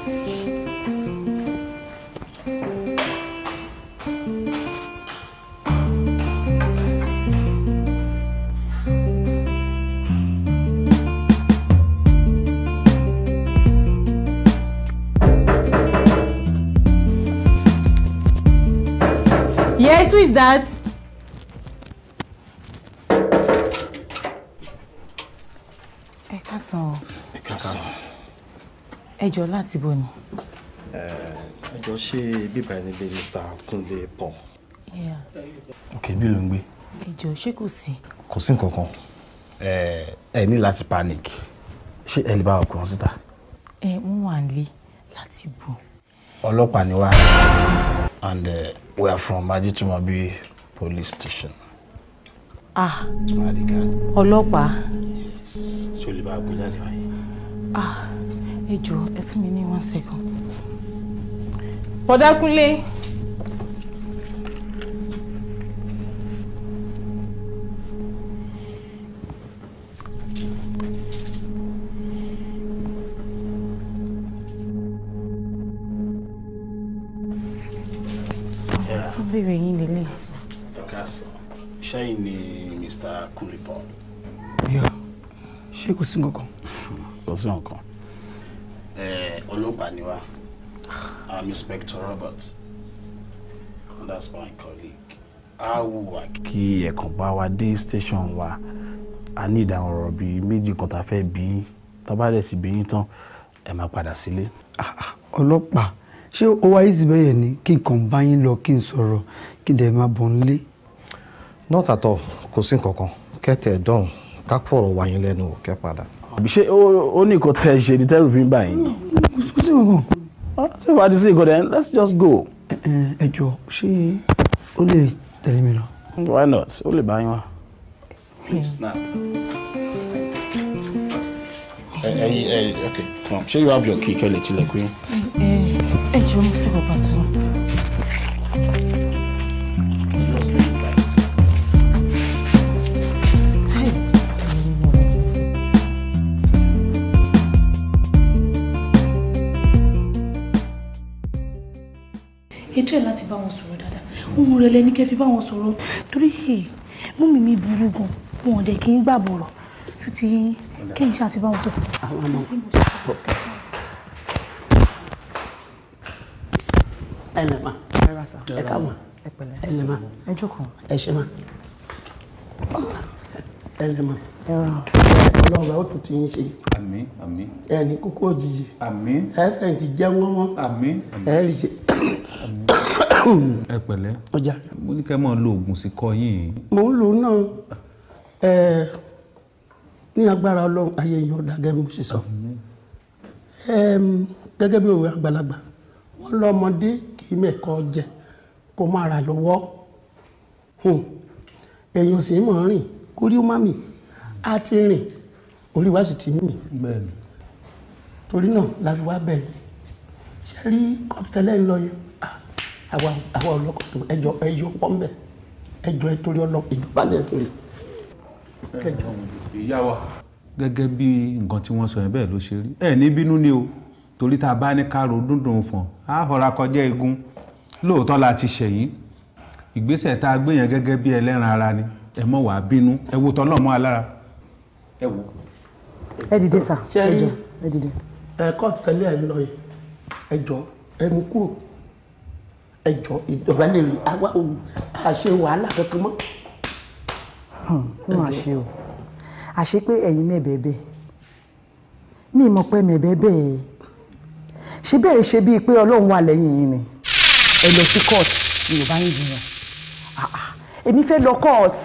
Speaker 4: that? ẹ kásán o. ẹ kásán. ẹ jọ láti ni.
Speaker 2: ẹ jọ ṣe bíbá ẹni bíi Mr. Kunle Paul. Yeah. Okay, mi ń gbé.
Speaker 4: ẹ jọ ṣé kò sí.
Speaker 2: kò sí nǹkan kan ẹ ní panic ṣé ẹ lè bá ọkùnrin síta.
Speaker 4: ẹ ń wà nílé láti bọ̀.
Speaker 2: ọlọ́pàá ni wá and uh, we are from Ajitumabi police station. Ah. Ọlọ́pàá. Yes. Ṣo lè bá a gbé
Speaker 4: Ah, ẹ jọ̀ọ́ ẹ fún one second.
Speaker 1: Bọ̀dá Kúnlé.
Speaker 4: alábìrì yín nílé.
Speaker 2: ṣẹ́yìn ni Mr. Kuripon.
Speaker 3: yọ ṣé kò sí nǹkan. kò sí nǹkan.
Speaker 2: ọlọ́pàá ni wá I'm Inspector Robert and that's my colleague. a wù wá kí ẹ̀kan bá wa dé station wa a ní ìdáhùn ọ̀rọ̀ bíi méjì kan tá a fẹ́ bí tábàdẹ̀ sí bí yín tán ẹ̀ máa padà sílé. Ah,
Speaker 3: ah, ọlọ́pàá ṣé ó wá easy bẹ́yẹn ni kí nǹkan bá yín lọ kí n sọ̀rọ̀ kí n dẹ̀ máa bọ̀ nílé. not at all kò sí nǹkan kan kẹ́tẹ̀ dán ká fọ̀rọ̀ wá yín lẹ́nu
Speaker 2: kẹ́ padà. àbí ṣé ó ní nǹkan tẹ́ ẹ ṣe ní tẹ́rù fi ń bà yín. kò sí nǹkan kan. ṣé wàá di sí nǹkan then let's just go.
Speaker 3: ẹ jọ ṣé ó lè
Speaker 2: tẹ̀lé mi lọ. why not ó lè bá yín wá. Hey, hey, hey, okay, come on. Sure you have your key, Kelly, till like we. Mm-hmm ẹ jẹ́ mo fẹ́ bọ̀ bàtà mi.
Speaker 4: ètò ẹ̀ láti bá wọn sọ̀rọ̀ dáadáa ohun rẹ̀ lẹ́ni kẹ́ fi bá wọn sọ̀rọ̀ torí mú mi mi burú gan wọn ò dẹ̀ kí n gbàbọ̀rọ̀ tó ti yín
Speaker 3: kẹ́yìn ṣáà ti bá wọn sọ̀rọ̀. ẹ lè ma ẹ ká mọ ẹ lè ma ẹ jókòó ẹ ṣe ma ẹ lè ma
Speaker 2: ọlọ́run ó tún ti ń ṣe àmín àmín ẹ ní kókó òjijì àmín ẹ fẹ̀yìntì jẹ́ wọ́n mọ́ àmín ẹ rí ṣe ẹ pẹ̀lẹ́ ọjà rẹ mo ní kẹ́ mọ́ lo oògùn sí kọ́ yìí. mo ń lò ó náà ẹ ní agbára ọlọ́run ayé yìí ó dàgẹ́ mo ṣe sọ gẹ́gẹ́ bí òwe àgbàlagbà wọ́n lọ ọmọdé tí mẹ́kọ jẹ kó má ra lọ́wọ́ èèyàn sì mọ̀ rìn kórí ó má mì á ti rìn orí wa sì ti mì torí náà la fi wá bẹ̀ ṣe rí kọ́ọ̀tù tẹ́lẹ̀ ń lọ yẹn àwa àwa ọlọ́kọ̀ tó ẹjọ́ ẹjọ́ pọ́n bẹ̀ ẹjọ́ ẹ torí ọlọ́ ìjọba lè torí. ìyá wa gẹ́gẹ́ bí nǹkan tí wọ́n sọ yẹn bẹ́ẹ̀ ló ṣe rí ẹ̀ ní bínú ni o torí tá a bá ní ká ro fún a họra kọjá igun lóòótọ́ la ti ṣẹ̀yìn ìgbésẹ̀ tá a gbé yẹn gẹ́gẹ́ bí ẹlẹ́ran ara ni ẹ mọ̀ wá bínú ẹ wo tọ́lọ́mọ alára ẹ wò. ẹ dìde sà ẹ jọ ẹ dìde. ẹ kóòtù tẹ́lẹ̀ ẹ lọ yìí ẹ jọ ẹ mú kúrò ẹ jọ ìjọba lè rí àwa ò àṣe wàhálà kankan mọ́. ń hmm, mà ṣe o
Speaker 4: àṣé pé ẹ̀yin mẹ́bẹ̀ẹ́ bẹ́ẹ̀ mi mọ̀ pé mẹ́bẹ̀ẹ́ ṣé bẹ́ẹ̀ ṣe bíi pé ọlọ́run wà lẹ́yìn yín ni ẹ lọ sí court yorùbá ń jiyàn ah, ah, èmi fẹ́ lọ court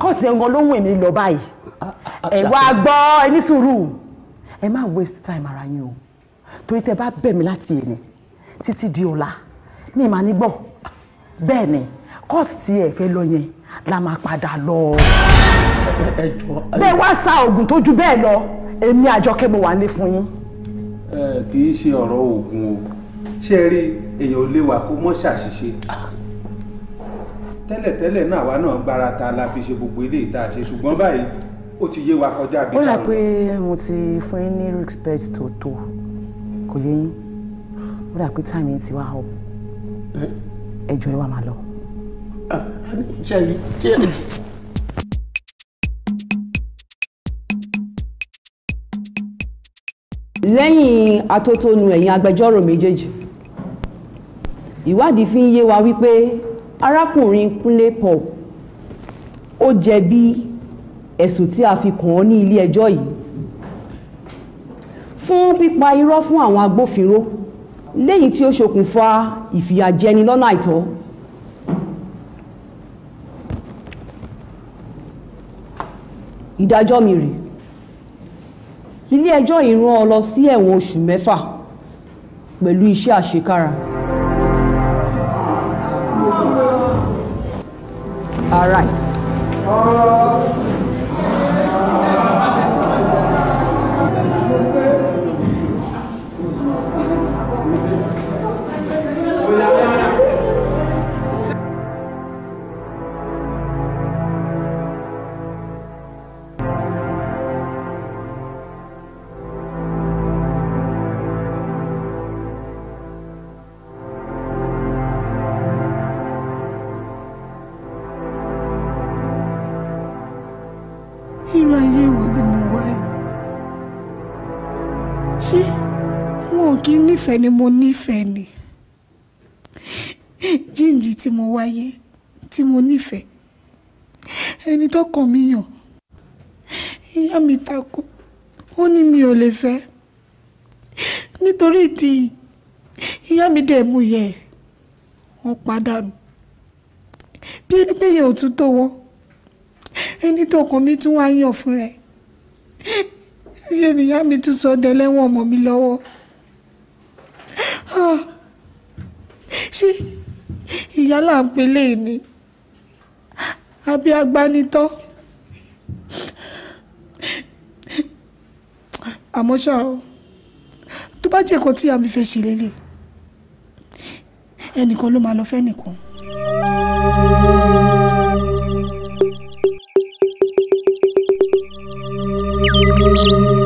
Speaker 4: court yẹn gan lóhùn èmi lọ báyìí ah, ẹ wá gbọ́ ẹ ní sùúrù ẹ má waste time ara yín o torí tẹ bá bẹ̀ mí láti èmi títí di ọ̀la mi máa ní gbọ́ bẹ́ẹ̀ ni court tí ẹ fẹ́ lọ yẹn la máa padà lọ. bẹ́ẹ̀ wá sa oògùn tó ju bẹ́ẹ̀ lọ èmi àjọkẹ́ mo wà ń lé fún yín
Speaker 2: kì í ṣe ọ̀rọ̀ oògùn o ṣé rí èèyàn ò lè wà kó mọ́ ṣàṣìṣe tẹ́lẹ̀tẹ́lẹ̀ náà àwa náà gbára ta la fi ṣe gbogbo eléyìí tá a ṣe ṣùgbọ́n báyìí ó ti yé wa kọjá bí ká lọ. ó rà pé
Speaker 4: mo ti fún yín ní respect tó tó kò yé yín ó rà pé time yín ti wá hàn ẹjọ́ ẹ wà máa lọ.
Speaker 1: ṣe ah, ṣe. lẹ́yìn atótónu ẹ̀yìn agbẹjọ́rò méjèèjì ìwádìí fi ń yé wa wípé arákùnrin
Speaker 4: Kúnlé Paul ó jẹ̀bi ẹ̀sùn tí a fi kàn án ní ilé
Speaker 1: ẹjọ́ yìí fún pípa irọ́ fún àwọn agbófinró léyìí tí ó ṣokùnfà ìfìyàjẹni lọ́nà àìtọ́ ìdájọ́ mi rèé
Speaker 4: ilé ẹjọ́ yìí rán ọ lọ sí ẹ̀wọ̀n oṣù mẹ́fà
Speaker 1: pẹ̀lú iṣẹ́ àṣekára. All right.
Speaker 4: olólùfẹ́ ni mo nífẹ̀ẹ́ ni jíǹjì tí mo wáyé tí mo nífẹ̀ẹ́ ẹni tọkàn mi yàn ìyá mi takò ó ní mi ò lè fẹ́ nítorí ti ìyá mi dẹ̀ mú yẹ wọn pàdánù bí ẹni pé yẹn ò tún tó wọn ẹni tọkàn mi tún wá yàn fún rẹ ṣe nìyá mi tún sọ dẹlẹ́wọ̀n ọmọ mi lọ́wọ́ ṣé ìyálà ń pelé ni àbí agbanitọ́ àmọ́ ṣá o tó bá jẹ́ kó tí àmì fẹ́ ṣe lélẹ̀ ẹnìkan ló máa lọ fẹ́ nìkan. thank you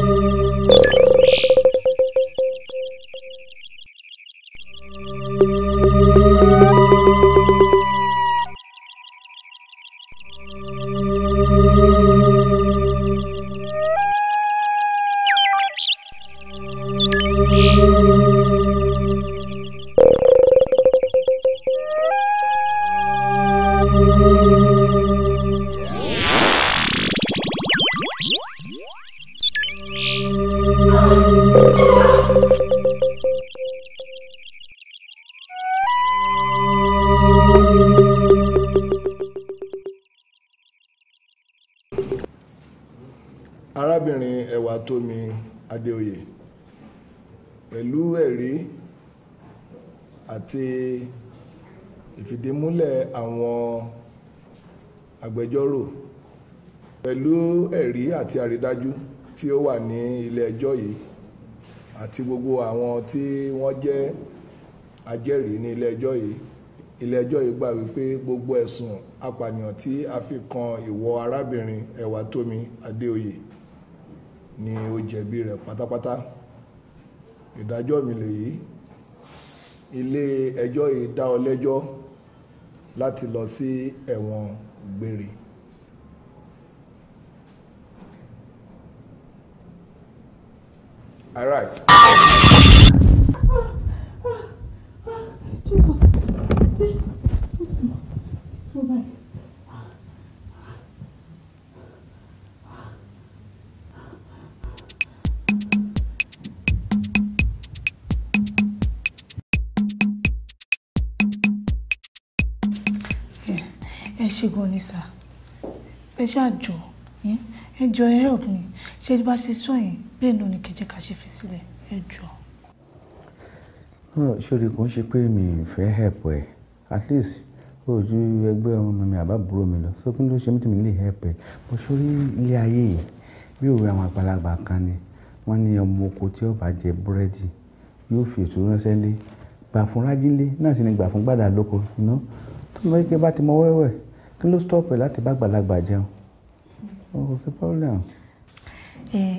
Speaker 2: ìfìdímúlẹ̀ àwọn agbẹjọ́rò pẹ̀lú ẹ̀rí àti àrídájú tí ó wà ní ilé ẹjọ́ yìí àti gbogbo àwọn tí wọ́n jẹ́ ajẹ́rìí ní ilé ẹjọ́ yìí ilé ẹjọ́ yìí gbà wípé gbogbo ẹ̀sùn apànìyàn tí a fi kan ìwọ arábìnrin Ẹ̀wàtómi Adéoyè ni ó jẹ̀bi rẹ̀ pátápátá ìdájọ́ mi lèyí ilé ẹjọ́ yìí dá ọ lẹ́jọ́ láti lọ sí ẹ̀wọ̀n gbére. Arise. Jesus.
Speaker 4: ṣe gan ni sà ẹ ṣáàjọ ẹ jọ ẹ help me ṣé bá ṣe sọ yẹn bẹ́ẹ̀ náà ni kẹjẹ ká ṣe fi sílẹ̀ ẹ jọ.
Speaker 2: ṣòrí kò ń ṣe pé mi ì fẹ́ help ẹ at least ojú ẹgbẹ́ ọmọ mi àbábúrò mi lọ sókè ló ṣe mí tí mi lè help ẹ bó ṣorí ilé ayé yìí bí òwe àwọn àgbàlagbà kan ni wọ́n ní ọmọ oko tí ó bá jẹ búrẹ́dì yóò fi ètò ránṣẹ́ lé gbà fún rájílé náà sì ni gbà fún gbàdà lóko iná tó mọ ike bá ti mọ wẹ́wẹ́ kí ló stop ẹ láti bá àgbàlagbà jẹun kò sí problem.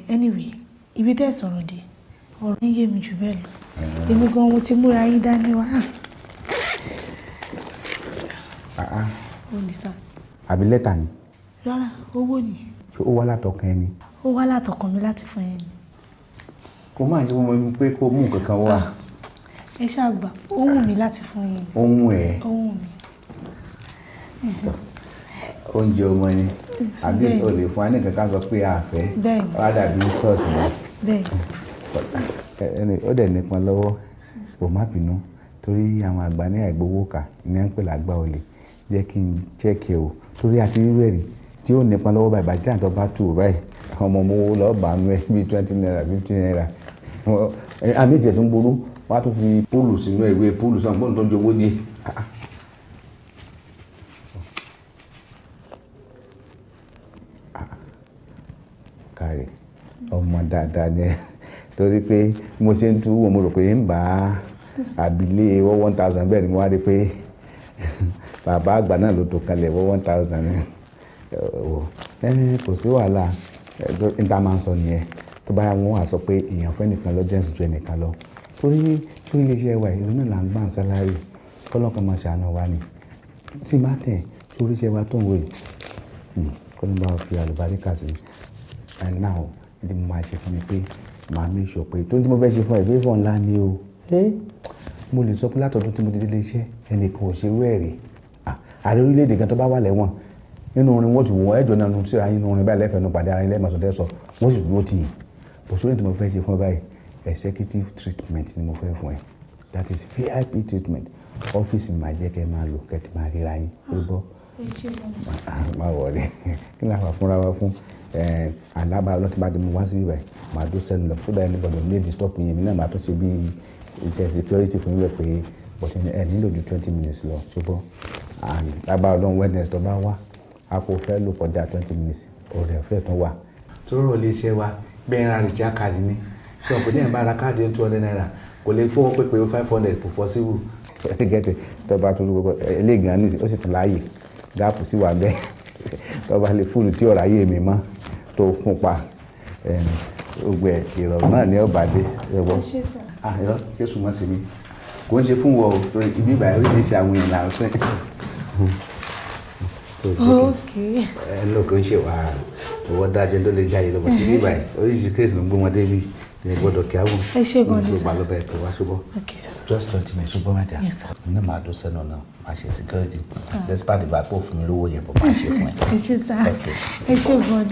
Speaker 4: anyway ibi tẹ́ sọ̀rọ̀ dé ọ̀rọ̀ ń yé mi jù bẹ́ẹ̀ lọ èmi gan mo ti múra yín dání wá. Ah, ah. ó ní sá. àbí lẹ́tà ni. rárá owó ni.
Speaker 2: ṣé ó wá látọkàn ẹni.
Speaker 4: ó wá látọkàn mi láti fún ẹni.
Speaker 2: kò máa ṣe mọ pé kó mú nǹkan kan wá. Ah,
Speaker 4: ẹ ṣáà gbà ó wù mí láti fún yín.
Speaker 2: ó wù ẹ. ó wù mí oúnjẹ ọmọ ni àbí o lè fún wa ní nǹkan ká sọ pé a fẹ́ wá dàbí sọ́ọ̀tì ni ó dẹ̀ nípọn lọ́wọ́ kò má bínú torí àwọn àgbà ní àìgbowó kà ní à ń pè lágbá olè jẹ́ kí n chẹ́kì o torí àti rírú ẹ̀rí tí ó nípọn lọ́wọ́ báyìí bàjẹ́ àtọ́ bá tù báyìí ọmọ mo lọ́ọ́ bá nu ẹ bíi twenty naira fifty naira àmì ìjẹ̀ tó ń ború wàá tó fi póòlù sínú ìwé póòlù sọ̀rọ̀ póòlù tó ń jowó káre ọmọ dáadáa ni torí pé mo ṣe ń tú wọn mo rò pé ń bá àbílé wọ́ one thousand bẹ́ẹ̀ ni mo wá rí pé bàbá àgbà náà ló tó kalẹ̀ wọ́ one thousand kò sí wàhálà níta máa ń sọ nìyẹn tó bá yà wọ́n wà sọ pé èèyàn fẹ́ nìkan lọ jẹ́ǹsì ju ẹnìkan lọ torí fún iléeṣẹ́ wa ìlú náà là ń gbà ń sálárì kọ́lọ́kan máa ṣàánú wa ni sì má tẹ̀ torí iṣẹ́ wa tó ń wòye hmm, kọ́lọ́ bá fi àlùbáríkà sí i and now ẹni mo máa ṣe fún mi pé màá make sure pé tó ní tí mo fẹ́ ṣe fún ẹ fífọ̀ ńlá ni o mo lè sọ pé látọ̀dún tí mo ti délé iṣẹ́ ẹnìkan ò ṣe wẹ́ẹ̀rì ààrẹ orílẹ̀-èdè gan tó bá wà lẹ́wọ̀n nínú orin wọn ti wọ ẹjọ náà nù síra nínú orin báyìí lẹ́fẹ̀ẹ́ nù pàdé ara ilé ìmọ̀sọ̀tẹ́ sọ wọ́n sì dúró tì yín bó sórí tí mo fẹ́ ṣe fún ẹ báyìí executive treatment ni mo fẹ́ fún ẹ that is VIP treatment ọ́fíìsì máa jẹ́ kẹ́ máa lò kẹ́ ti máa ríra yín ó gbọ́
Speaker 4: máa wọlé
Speaker 2: kí ni a fà fúnra wa fún alágbára ọlọ́tí bá ti mú wá sí ibẹ̀ màá dó sẹ́nu lọ sódà ẹni gbọ́dọ̀ ní èdè stop yẹn mi náà màá tó ṣe bí iṣẹ́ security fún ibẹ̀ pé bọ̀tí ẹ nílò ju twenty minutes lọ ṣùgbọ́n alágbára ọlọ́run wellness tó bá wá a kò fẹ́ lò kọjá twenty minutes ọ̀rẹ́ fẹ́ tún wà. tó rọ̀ lè ṣe wa bẹ́ẹ̀ ra rìjà káàdì ni tí wọn kò ní ẹ̀ bá ra káàdì two hundred naira kò lè fọwọ́ pé pé five hundred kò fọ́ sí wù. ẹ ti gẹ́tẹ̀ tó bá tó lóko eléyìí gan-an ó sì tún láàyè gáàpù sí wà bẹ́ẹ̀ tó bá lè fúlù tí ọ̀rọ̀ ayé mi mọ́ tó fún pa gbogbo ẹ̀ ìrọ̀rùn náà ní ọ̀bà dé ẹ̀wọ̀ ah irọ́ Jésù mọ̀ sí mi kò ń ṣe fún wọ o torí ibi ìgbà yóò ṣe ṣe àwọn ìlànà sẹ́yìn ẹ lóò kò ń ṣe wàá owó dájú tó lè jáde lọ bọ̀ sí ibi ìgbà yìí oríṣiríṣi kéèsì ló ń gbé wọn ẹ gbọ́dọ̀ kí àwọn ẹ ṣe gan ní ìgbà lọba ẹpẹ wá ṣubọ just twenty minutes ṣubọ mẹ́ta mi náà máa dún sẹnu náà máa ṣe security ah. despite the fact pé òfin mi lówó yẹn bọ
Speaker 4: máa ṣe fún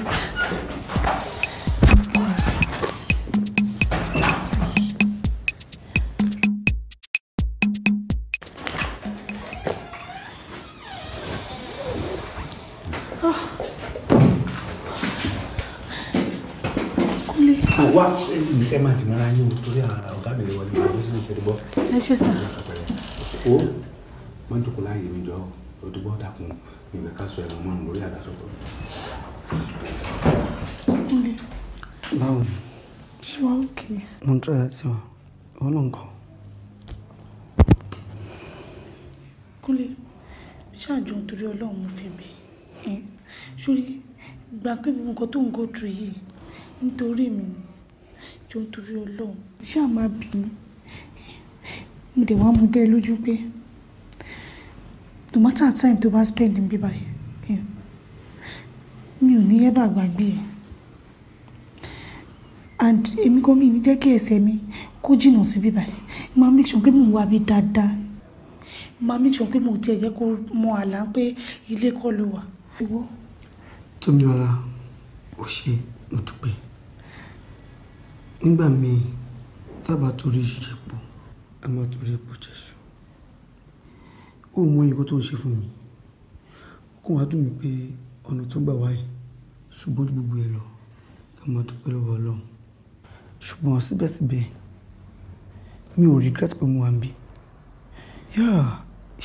Speaker 4: ṣèdúgbọ́. ẹ ṣe sà.
Speaker 2: o máa ń dùkú láàyè mi jọ òdúgbò dàkún ìwé ká sọ ẹ̀rọ márùn lórí àdásọ́tọ̀.
Speaker 3: kúnlẹ̀. báwo ni.
Speaker 4: ṣé wàá òkè.
Speaker 3: mo ń tọ́ra tí wọn wọn ló ń kọ́.
Speaker 4: kúnlẹ̀ ṣáàjọ torí ọlọ́run mo fi bẹ̀ ẹ́ sórí gbà pé gbogbo nǹkan tó ń go through yìí nítorí mi ni jọ torí ọlọ́run ṣáà má bínú mo dẹ̀ wá mú dé lójú pé no matter time tó bá spend ń bí báyìí eh, mi ò ní yẹ́bà gbàgbé ẹ̀ and èmi kò mí ní jẹ́ kí ẹsẹ̀ mi kó jìnnà sí bí báyìí máa make sure pé mò ń wá bí dáadáa máa make sure pé mò ń tiẹ̀ yẹ kó mọ àlá pé ilé kọ́ ló wà.
Speaker 3: tómìlọ́lá ò ṣe mo dúpẹ́ nígbà míì tábà torí ṣíṣe pò a máa torí epo jẹṣu ó mọ ìyẹn kó tó ń ṣe fún mi kó wàá dùn mí pé ọ̀nà tó gbà wáyé ṣùgbọ́n ju gbogbo ẹ̀ lọ ká máa dúpẹ́ lọ́wọ́ ọlọ́run ṣùgbọ́n síbẹ̀síbẹ̀ mi ò regret pé mo wà ń bí yeah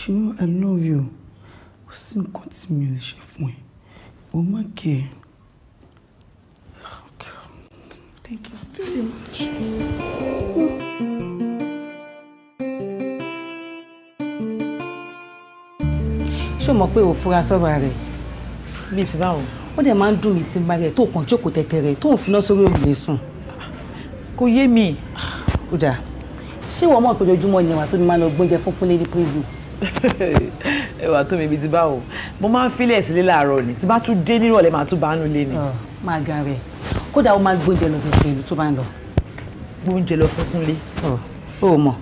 Speaker 3: you know i love you kò sí nǹkan tí mi ò lè ṣe fún ẹ o má kẹ́ oh,
Speaker 1: Thank you very much. ṣó mọ̀ pé ò fura
Speaker 4: sọ́ra rẹ̀. bíi ti báwo. ó dẹ̀ máa ń dùn mí ti bá rẹ̀ tó kàn jókòó tẹ̀tẹ̀rẹ̀ tó ń finá sórí òrùlé sùn. kò yé mi. ó dáa ṣé ìwọ mọ̀ pé ojoojúmọ́ ni ẹ̀wà tó mi máa lọ gbóúnjẹ fún kúnlé ní prison. ẹ̀wà tó mi bíi ti báwo mo máa ń filẹ̀ sílé láàárọ̀ ni tí bá tún dé nírọ̀lẹ́ máa tún bá nù lé ni.
Speaker 1: Ah, máa ga rẹ̀ kódà ó máa
Speaker 4: gbóúnjẹ lọ fún kúnlé tó bá ń lọ. gbóúnjẹ lọ fún kúnlé. ó ah, mọ̀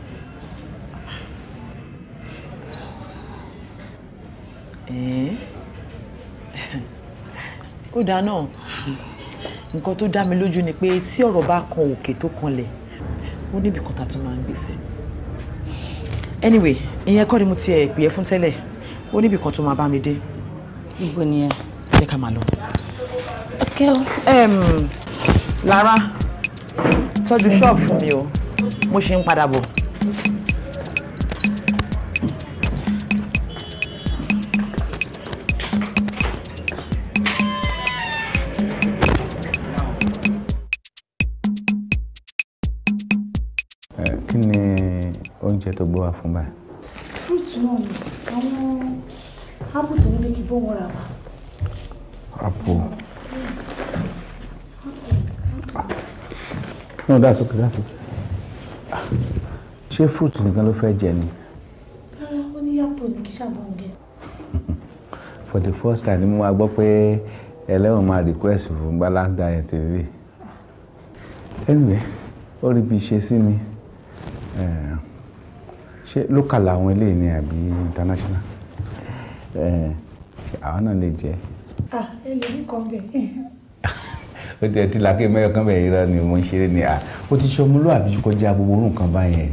Speaker 4: ó dáa náà nǹkan tó dá mi lójú ni pé tí ọ̀rọ̀ bá kan òkè tó kanlẹ̀ ó níbi kan tàtún máa ń gbèsè anyway ìyẹn kọ́ ni mo ti ẹ̀ pè é fún tẹ́lẹ̀ ó níbi kan tó máa bá mi dé. ibo ni ẹ. jẹ́ ká máa lọ. o. Lára tọ́jú ṣọ́ọ̀bù fún mi o mo ṣe ń padà bọ̀.
Speaker 2: ló wà fún fruit náà ni àwọn apple tó ń lé kí bọ́ wọn rà wá. apple. no that's okay that's okay. ṣé fruit nìkan ló fẹ́ jẹ ni.
Speaker 4: rárá ó ní apple ní kí sábà ń gẹ.
Speaker 2: for the first time ni mo wá gbọ́ pé ẹlẹ́wọ̀n máa request fún balance diet tv. anyway ó rí bí ṣe sí ni. Uh, ṣé local làwọn eléyìí ni àbí international ṣe àwọn náà lè jẹ.
Speaker 4: ah ẹ lè ní kan bẹ́ẹ̀.
Speaker 2: ó ti ẹ ti làákè mẹ́yọ̀ kan bẹ́ẹ̀ irọ́ ni mo ń ṣeré ni ah, ó ti ṣe ọmọlúwàbí kọjá gbogbo orun kan báyẹn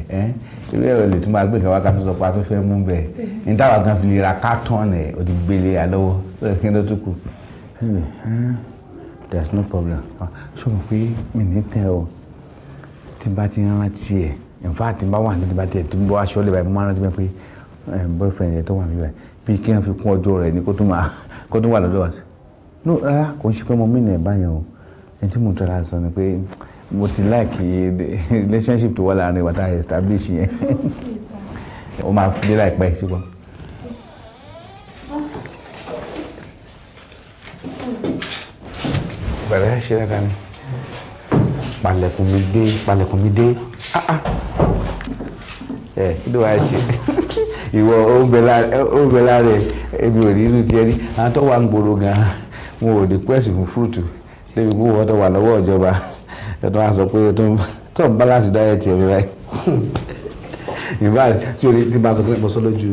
Speaker 2: irú ẹ̀rọ lè tún máa gbé nǹkan wá tó sọ pa tó fẹ́ mú bẹ́ẹ̀ eh. ní táwa gan fi lè ra carton ẹ̀ ó ti gbélé àlọ́wọ́ lọ́wọ́ kí ló tún kù. there's no problem ah, ṣé o mọ̀ pé mi ní tẹ́ ọ tí bá ti rántí ẹ̀ in fact bá wà níbi bàtẹ tó ń bọ aṣọ lè báyìí mo máa rántí bẹ́ẹ̀ pé eh, boyfriend yẹn tó wà níbẹ̀ bí kí wọ́n fi kún ọjọ́ rẹ̀ ni kó tún wà lọ́dọ̀ wa sí. no rárá kò ń ṣe pé mo mí nìyẹn báyẹn o ẹni tí mo tọ́ra sọ ni pé mo ti like relationship tó wà láàrin wa establish yẹn o máa fi dé láìpẹ́ síbọ̀. bẹ̀rẹ̀ ṣe dáadáa ni palẹ̀kùn mi dé palẹ̀kùn mi dé. ẹ ah, ah. Eh, kí ló wáá ṣe ìwọ òǹbẹ̀lá rẹ èmi ò ní irú tiẹ̀ rí wà ń gbòòrò gan wọn ò ní pẹ́sì fún fúrùtù débi kó wọ́n tó wà lọ́wọ́ ìjọba ẹ̀ tó wá sọ pé tó ń o ti bá a sọ pé mo sọ lójú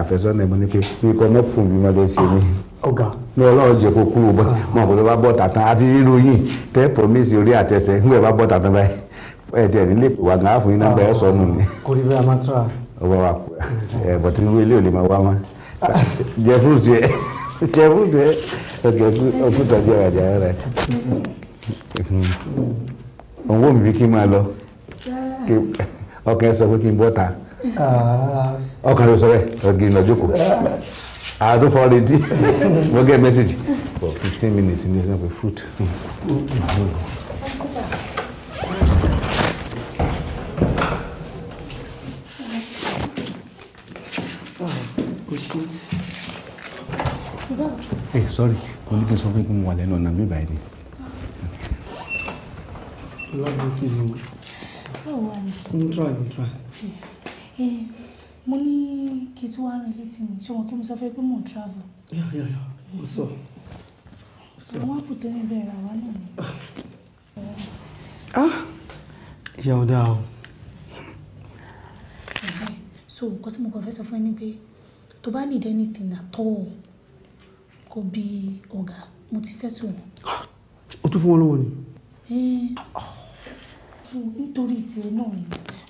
Speaker 2: àfẹsọ́nà ẹ̀mọ́ ní pé ikọ̀ mẹ́fùn bí wọ́n lè ṣe mí. Ah, ní ọlọ́run kúrò bọ́tí mo àbúrò bá bọ́ tàtàn àti yìí tẹ́ promise ẹ̀ẹ́dì ẹ̀rí lè wà gan àfún yín nọ́mbà ẹ̀ sọ nù ni. Ah,
Speaker 3: kò rí bẹ́ẹ̀ amátúrà.
Speaker 2: ọba wa kú ẹ bọ̀tí irú ilé ò lè máa wá mọ́ jẹ fúrúùtù ẹ jẹ fúrúùtù ẹ ọkẹ ọkùtà jẹ ọjà rẹ. òun bí sọ pé kí n bọ́ ta
Speaker 3: ah. ọkàn sọ bẹ́ẹ̀ ọkàn jókòó wọ́n gẹ́ mẹ́sàgì for fifteen minutes
Speaker 2: ní ẹ sorry, mo ní kí n sọ fún mi kí n wà lẹ́nu ọ̀nà mi báyìí ni.
Speaker 3: ọlọ́run sì ni báwo wà mo try mo try.
Speaker 4: Eh, mo ní kí n tún wá rìn létí mi ṣé wọn kí mo sọ fún ẹ pé mò ń travel. yà yà yà mo sọ.
Speaker 3: àwọn àpòtẹ́ mi bẹ̀rẹ̀ àwa náà ni. ah ìyá ọ̀dà o. Eh, eh. so nǹkan tí mo kàn
Speaker 4: fẹ́ sọ fún ẹ ni pé tó bá need anything at all kò bí ọ̀gá mo ti sẹ́tù wọn. o tún fún wọn lọ́wọ́ ni. nítorí tiẹ̀ náà ni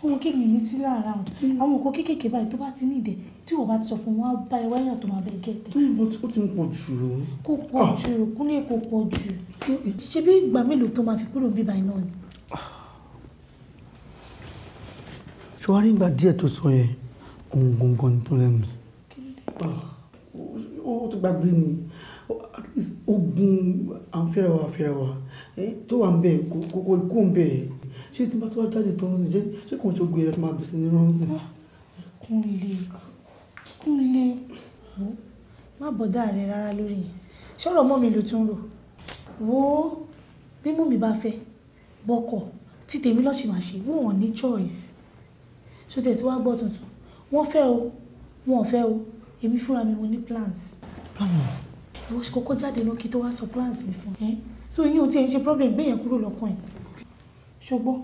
Speaker 4: ohun kéèmì ní sí lára àwọn hmm. àwọn nǹkan kéékèèké báyìí tó bá ti ní ìdẹ tí wọn bá ti sọ fún wọn á bá ẹwà èèyàn tó máa bẹ gẹ̀ẹ́tẹ̀. Hmm,
Speaker 3: ó ti ń pọ̀ jù o. Ah.
Speaker 4: kò pọ̀ jù kúnlẹ̀ kò pọ̀ jù ṣe bí ìgbà mélòó tó máa fi kúrò níbí báyìí náà ni.
Speaker 3: ṣùwárí ìgbà díẹ̀ tó sọ yẹn ohun gbọ̀ngàn ní pọ́lẹ́mì. ó ti gbàgbé ni at least ogun àǹfẹ́rawa àǹfẹ́rawa tó wà ń bẹ̀ kókó ikú ń bẹ̀ ṣé tí bá tó wá jáde tó ń sìn ṣé kò ń ṣogun ẹ̀rọ tó máa bẹ̀sẹ̀ ní rọ́ǹsìn. Ah,
Speaker 4: kúnlẹ̀ kúnlẹ̀ wo má bọ̀dá rẹ rárá lórí yẹn ṣọ́rọ̀ mọ́ mi ló tún rò wo bí mú mi bá fẹ́ bọ́kọ̀ tí tèmi lọ́ọ̀ṣì máa ṣe wọ́n ní choice ṣó tẹ̀ tí wàá gbọ́ tuntun wọ́n fẹ́ o wọ́n ò fẹ́ o èmi fúnra mi mo ní plans. báwo ìwọ ṣe kọ́kọ́ jáde lọ kí tó wá sọ plans mi fún ẹ so yín ò tí ẹ ṣe problem gbé yẹn kúrò lọ́kàn ẹ ṣọgbọ́.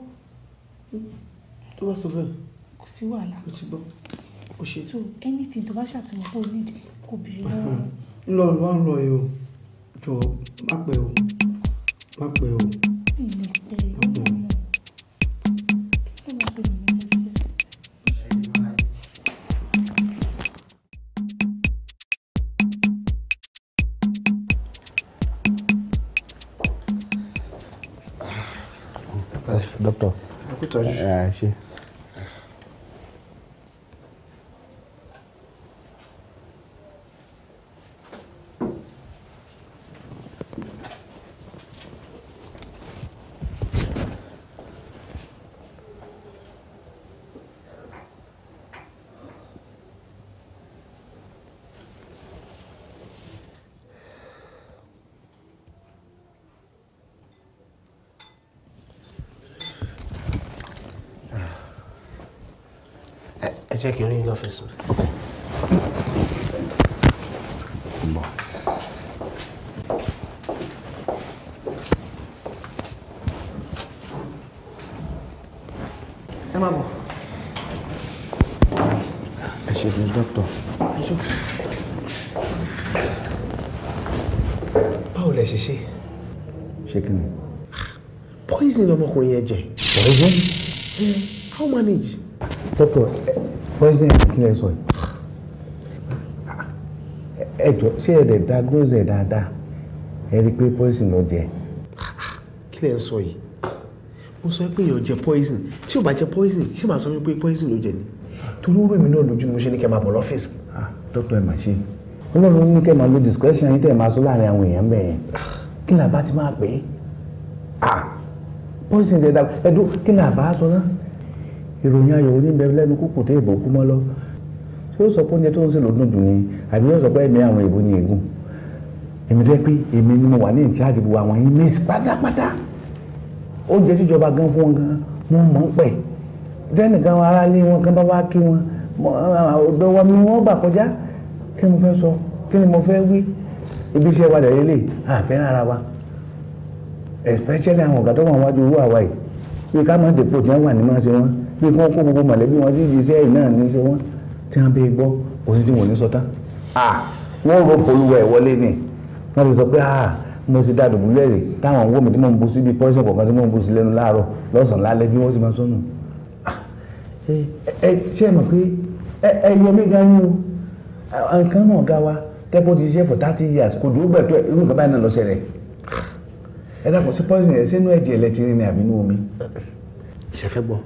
Speaker 3: tó bá sọ bẹ́ẹ̀. kò sí wàhálà. o ti gbọ́ o ṣe.
Speaker 4: so anything tó bá ṣàtìmọ́ pé o need kò bèrè lọ́wọ́.
Speaker 3: ń lọ lọ́wọ́ ń lọ yìí o jọ má pẹ́ o má pẹ́ o. mi ò lè pẹ́
Speaker 2: to. É, tashi. jẹ́ kí n rí yín lọ́fíìsì mi. ẹ máa bọ̀. ẹ ṣe bí dókítà. báwo lẹ ṣe ṣe. ṣé kí ni. poison ọmọkùnrin yẹn jẹ. poison. how manage. dókítà president kílẹ̀ sọ yìí ẹjọ́ ṣé ẹ̀dẹ̀ diagnose ẹ̀ dáadáa ẹ rí i pé poison ló jẹ. kílẹ̀ sọ yìí mo sọ pé èèyàn jẹ poison tí ò bá jẹ poison ṣé màá sọ wípé poison ló jẹ ni. torí ó rò mí náà lójú mo ṣe ní kẹ́ máa bọ̀ lọ́fíìsì. dókítà ẹ̀ máa ṣe ọlọ́run ní kẹ́ máa lo discretion yín tẹ̀ máa sọ láàrin àwọn èèyàn bẹ́ẹ̀ yẹn kí làbá ti máa pè é ah, poison jẹ dáa ẹ̀dùn kí làbá sọ náà ìròyìn ayọ̀ oníbẹ̀ lẹ́nu kúkù tẹ́ ìbò kú mọ́ lọ ṣé ó sọ pé oúnjẹ tó ń sè ló dùn ni àbí ó sọ pé ẹ̀mí àwọn èèbó ni ègún èmi dẹ́ pé èmi ni mo wà ní ìjáde gbogbo àwọn emails pátápátá oúnjẹ tíjọba gan fún wọn gan mo mọ̀ ń pẹ̀ dẹ́nìkan ara lé wọn kan bá wá kí wọn ọ̀dọ̀ wa ni wọ́n bà kọjá kí ni mo fẹ́ sọ kí ni mo fẹ́ wí ibi iṣẹ́ wa dẹ̀ lélẹ̀ àfẹ́ràn ara wa especially àwọn ọ̀gá tó wà wájú owó àwa yìí bí ká mọ̀ dèpò tí wọ́n wà ní mọ́ sí wọn bí fún kó gbogbo mọ̀lẹ́bí wọn sí ìdíṣẹ́ yìí náà ní í ṣe wọ́n tí wọ́n bẹ gbọ́ kò sí tí wọ́n ní sọ tán wọ́n rò polówó ẹ̀ wọlé ni wọ́n ti sọ pé mo ti da dùbúlẹ̀ rè táwọn owó mi tí mò ń bú sí bíi pọ́ísìn kọ̀ọ̀kan tí mò ń bú sí lẹ́nu láàárọ̀ lọ́sàn-án lálẹ́ bí wọ́n ti máa sọ́nù. ẹ ṣe é mọ̀ pé ẹ yọ mí gan ni o nǹkan náà ga wa tẹ́pọ̀ ti ṣiṣẹ́ for thirty years kò dúró gbẹ̀tọ́ irú nǹkan báyìí náà lọ ṣẹlẹ̀ ẹ dàpọ̀ sí pọ́ísìn yẹn sínú ẹ̀jẹ̀ lẹ́tìrín ni àbínú omi. ìṣẹ́fẹ́ gbọ́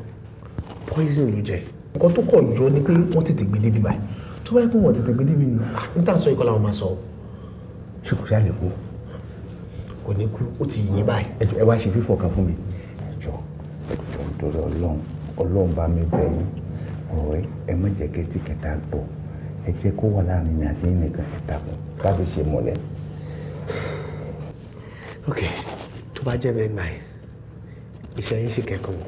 Speaker 2: poison ló jẹ nǹkan tó kọ̀ yọ ni pé wọ́n tètè gbé débi báyìí tó bá yẹ pé wọ́n tètè gbé débi ni ah, níta sọ ìkọlà wọn máa sọ ṣé kò sáré kú kò ní kú ó ti yìn báyìí. ẹ wá ṣe fífọ̀ kan fún mi. ẹjọ ẹjọ nítorí Ọlọ́run Ọlọ́run bá mi bẹ̀ yín ọ̀rẹ́ ẹ má jẹ́ kẹtí kẹta gbọ́ ẹ jẹ́ kó wà láàrin mi àti yín nìkan kẹta kù káfí ṣe mọlẹ. ok tó bá jẹ́ bẹ́ẹ̀ náà iṣẹ́ ṣì kẹ́kọ̀ọ́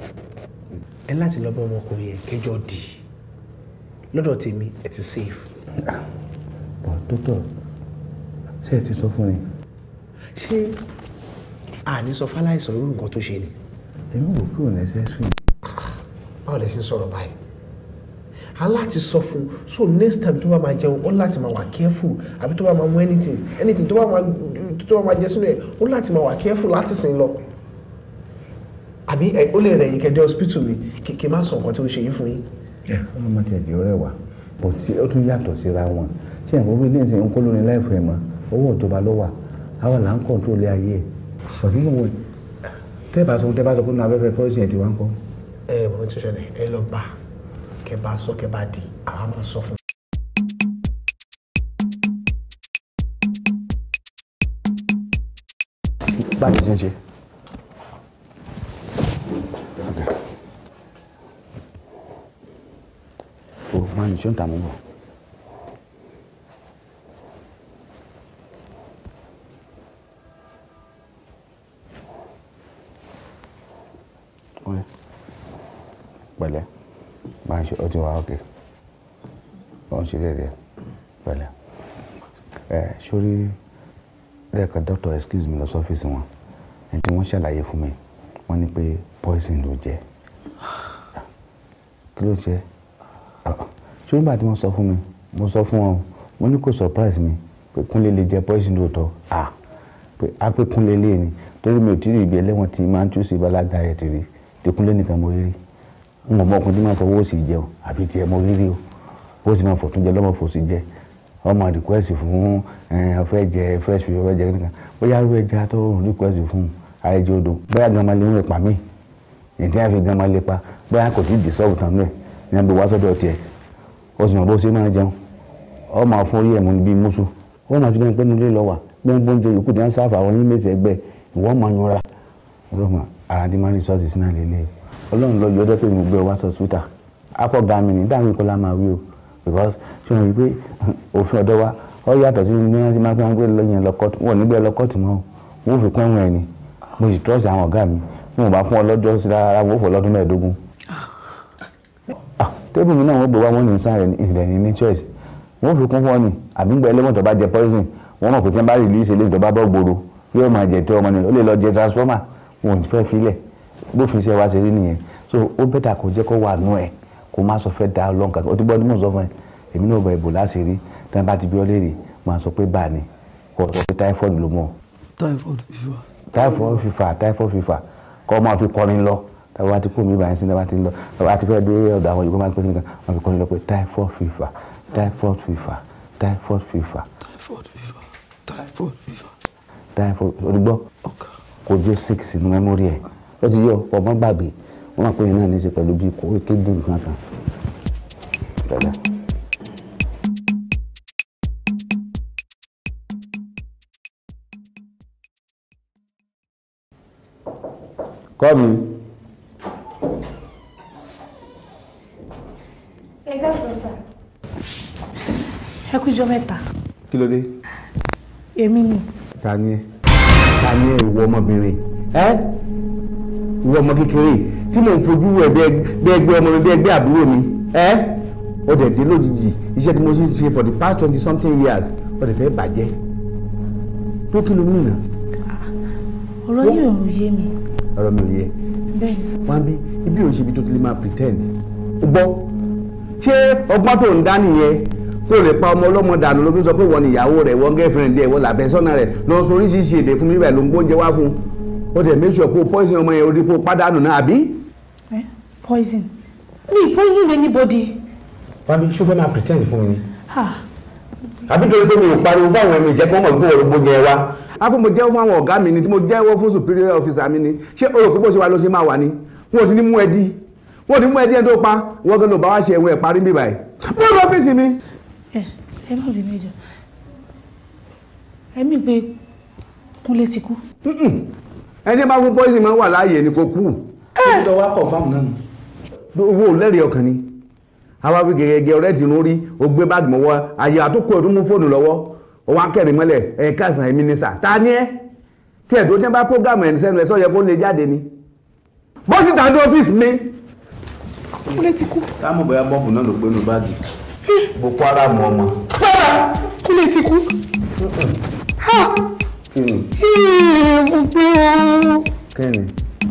Speaker 2: ẹ láti lọ bá ọmọkùnrin yẹn kẹjọ dì lọ́dọ̀ tèmi ẹ ti save. Ah, bọ̀ dókítà ṣé ẹ ti sọ fún mi. ṣé àní sọ fáláìsàn irú nǹkan tó ṣe ni. èmi wò pé ò nẹ́sẹ̀sì. Ah, báwo lẹ ṣe ń sọ̀rọ̀ báyìí aláti sọ fún so next time tó bá máa jẹun ó láti máa wà careful àbí tó bá máa mú anything anything tó bá máa jẹ sínú ẹ ó láti máa wà careful láti sìn lọ àbí ó lè rẹ̀ yìí kẹ́dẹ́ hospital mi kìkì má sọ nǹkan tó ń ṣe yín fún yín. ọmọ máa tẹ̀ di ọ̀rẹ́ wa bò tí ó tún yàtọ̀ síra wọn ṣé ẹ̀fọ́ bí níìsín ń kó lórí láìfọ̀ ẹ̀ mọ́ owó ìjọba ló wà àwa là ń kọ́ńtrol ayé ẹ̀ ọ̀sìn ìwò tẹ́ẹ̀bà sọ tẹ́ẹ̀bà sọ fún abẹ́fẹ́ fọ́ọ̀sì ẹ̀ tí wọ́n ń kọ́. ẹ ẹ mo ti ṣẹlẹ̀ ẹ lọ bá kẹba sọ kẹba di àwa máa sọ fún báyìí ṣe ń ṣe máa nìṣó ń tà mí bọ̀. pẹ̀lẹ́ máa ṣe ọtí wa ókè wọn ṣe déédéé pẹ̀lẹ́ ẹ sórí lẹ́ẹ̀kan doctor excuse me lọ sọ́fíìsì wọn ẹni tí wọ́n ṣàlàyé fún mi wọ́n ní pé poison ló jẹ́ ṣé nígbà tí wọ́n sọ fún mi mo sọ fún wọn wọ́n ní kò surprise mi pé Kúnlé jẹ poison lóòótọ́ ah pé a pé Kúnlé lè ní torí mi ò tí ì rí ibi ẹlẹ́wọ̀n tí máa ń tú sí balaga ẹ̀ tèrè tí Kúnlé nìkan mo rí rí n ò mọ ọkùnrin tí máa fọwọ́ sí jẹun àbí tiẹ̀ mo rí rí o bó sì máa fọ̀tún jẹ lọ́mọ fòsì jẹ ọmọ request fún ọfẹ jẹ fresh fish ọfẹ jẹ nìkan bóyá arúgbó ẹja tó request fún ayẹyẹ odò bóyá gan máa lè ń pa mí ìdí àfi gan máa lè pa bóyá kò tí ì dìsọ́ọ̀bù tán mẹ́ẹ̀ ní abẹ́ tiẹ̀ o sì mọ̀ bó ṣe máa jẹun ọ máa fún orí ẹ̀ mú bíi mùsù ó máa ti bẹ́ẹ̀ pé nulẹ̀ lọ wà bẹ́ẹ̀ bó ń jẹ yòókù tí wọ́n ń sáfà àwọn yín méjì ẹgbẹ́ ìwọ́ máa yanra ọlọ́mọ àràdí máa ń rí ṣọ́ọ̀ṣì sínú àlè ilé ọlọ́run lọ yọjọ́ pé mo gbé wá sọ́sítà apọ̀ gami ní dáhùn ìkọlá máa wí o because ṣé wọn rí pé òfin ọ̀dọ́ wa ọ yàtọ̀ sí bí wọ́n ti máa ń gbé lọ́yìn lọ́kọ́tù wọn ò lọ́kọ́tù mọ́ wọn ò fi pẹ́ wọn ẹ̀ ni mo sì trọ́ọ̀sì àwọn ọ̀gá mi wọn bá fún ọ sí rárá wọn fọ lọ́dún mẹ́ẹ̀ẹ́dógún tébù mi náà wọ́n gbé wá wọ́n ní sáré ìdẹ̀yìn ní choice wọ́n fi kún fún ọ ni àbí ń gba ẹlẹ́wọ̀n tó bá jẹ poison wọ́n mọ̀ pé tí wọ́n bá release eléyìí tó bá bọ́ gbòòrò yóò máa jẹ tó ọmọ ni ó lè lọ jẹ transformer wọn ò fẹ́ filẹ̀ bófin iṣẹ́ wa ṣe rí nìyẹn so ó bẹ́tà kó jẹ́ kó wà nú ẹ̀ kó má sọ fẹ́ da ọlọ́nkà ó ti gbọ́ ọdún mọ̀ sọ fún ẹ èmi náà bọ ìbò láti rí tí wọ́n bá ti bí tàbí wá ti kú mi báyìí sí ní wá ti ń lọ àti fẹ́ dé ọ̀dọ̀ àwọn Yorùbá máa ń pè nìkan wọn fi kọ́ni lọ pé typhoid fever typhoid fever typhoid fever. typhoid fever typhoid fever. typhoid olùgbọ́ kò jó six nínú mẹ́mórì ẹ̀ ó ti yọ ọmọ gbàgbé wọn máa pè yẹn náà ní í ṣe pẹ̀lú bí kò kéde nǹkan kan. Dada. Come in. ẹ kú ijọ́ mẹ́ta. kí ló dé. èmi ni. ta ni ẹ ta ni ẹ ìwọ ọmọbìnrin ẹ ìwọ ọmọ kékeré tí mò ń fojú wẹ bí ẹgbẹ́ ọmọ mi bí ẹgbẹ́ àbúrò mi ẹ ó dẹ̀ dé lójijì iṣẹ́ tí mo ṣe ṣe for the past twenty something years O de fẹ́ bàjẹ́ tó kí ló mú iná.
Speaker 4: ọ̀rọ̀ yìí ò yé mi. ọ̀rọ̀ mi ò yé. bẹ́ẹ̀ni
Speaker 2: sọ. wọ́n á bí ibi ò ṣe ibi tó ti lè máa pretend. gbọ́ ṣé ọgbọ́n tó ń dá nìyẹn kó lè pa ọmọ ọlọ́mọ dànù ló fi sọ pé wọ́n ní ìyàwó rẹ̀ wọ́n girlfriend ẹ̀ wọ́n làbẹ́sọ́nà rẹ̀ lọ sọ oríṣiríṣi èdè fún mi bẹ́ẹ̀ ló ń gbóúnjẹ wá fún un ó dẹ̀ make sure kó poison ọmọ yẹn orí kó pàdánù náà àbí.
Speaker 4: Eh, poison mi poison anybody.
Speaker 2: wàbí ṣó fẹ́ máa pretend fún mi. àbí torí pé mi ò pariwo fáwọn ẹ̀mí ìjẹ́ kí wọ́n mọ̀ pé wọ́n ló gbóúnjẹ wá. àpò mo jẹ́wọ́ fún àwọn ọ̀gá mi ni mo jẹ́wọ́ fún superior officer mi ni ṣé o rò pé bó ṣe wà ló ṣe máa wà ni wọ́n ti ní mú ẹ di wọ́n ti mú ẹ di ẹ tó pa wọ́n gan bá wá ṣe ẹ̀wọ̀n ẹ̀ parí bíbáyìí.
Speaker 4: bó lọ́fíìsì mi ẹ ẹ má bí méjọ
Speaker 2: ẹ mí pé kúnlé ti kú. ẹni bá fún pọ́ìsì máa ń wà láàyè ni kò kú. ìjọ wa kọ̀ fáwọn náà. owó lẹ́rìí ọkàn ni àwa fi gẹ̀gẹ̀gẹ̀ ọ̀rẹ́ ti rún rí o gbé báàgì mọ́wọ́ àyè àtúkù ẹ̀ tó mú fóònù lọ́wọ́ òun akẹ́rin mọ́lẹ̀ ẹ̀ káàsán ẹ̀mí ní sà ta ni ẹ́ tí ẹ̀ tó jẹ́ bá prógámù ẹ̀ sẹ́nu ẹ̀ sọ yẹ kó lè jáde ni bọ́sítà ní ọ́fíìsì mi. kúnlé ti kú. táwọn ọmọ bẹ̀rẹ̀ bọ́ọ̀bù náà ló gbénu báàgì. Boko Haram ọmọ.
Speaker 3: Bàbá kí lè ti kú? Kí
Speaker 2: ni? Mo pé o. Kí ni?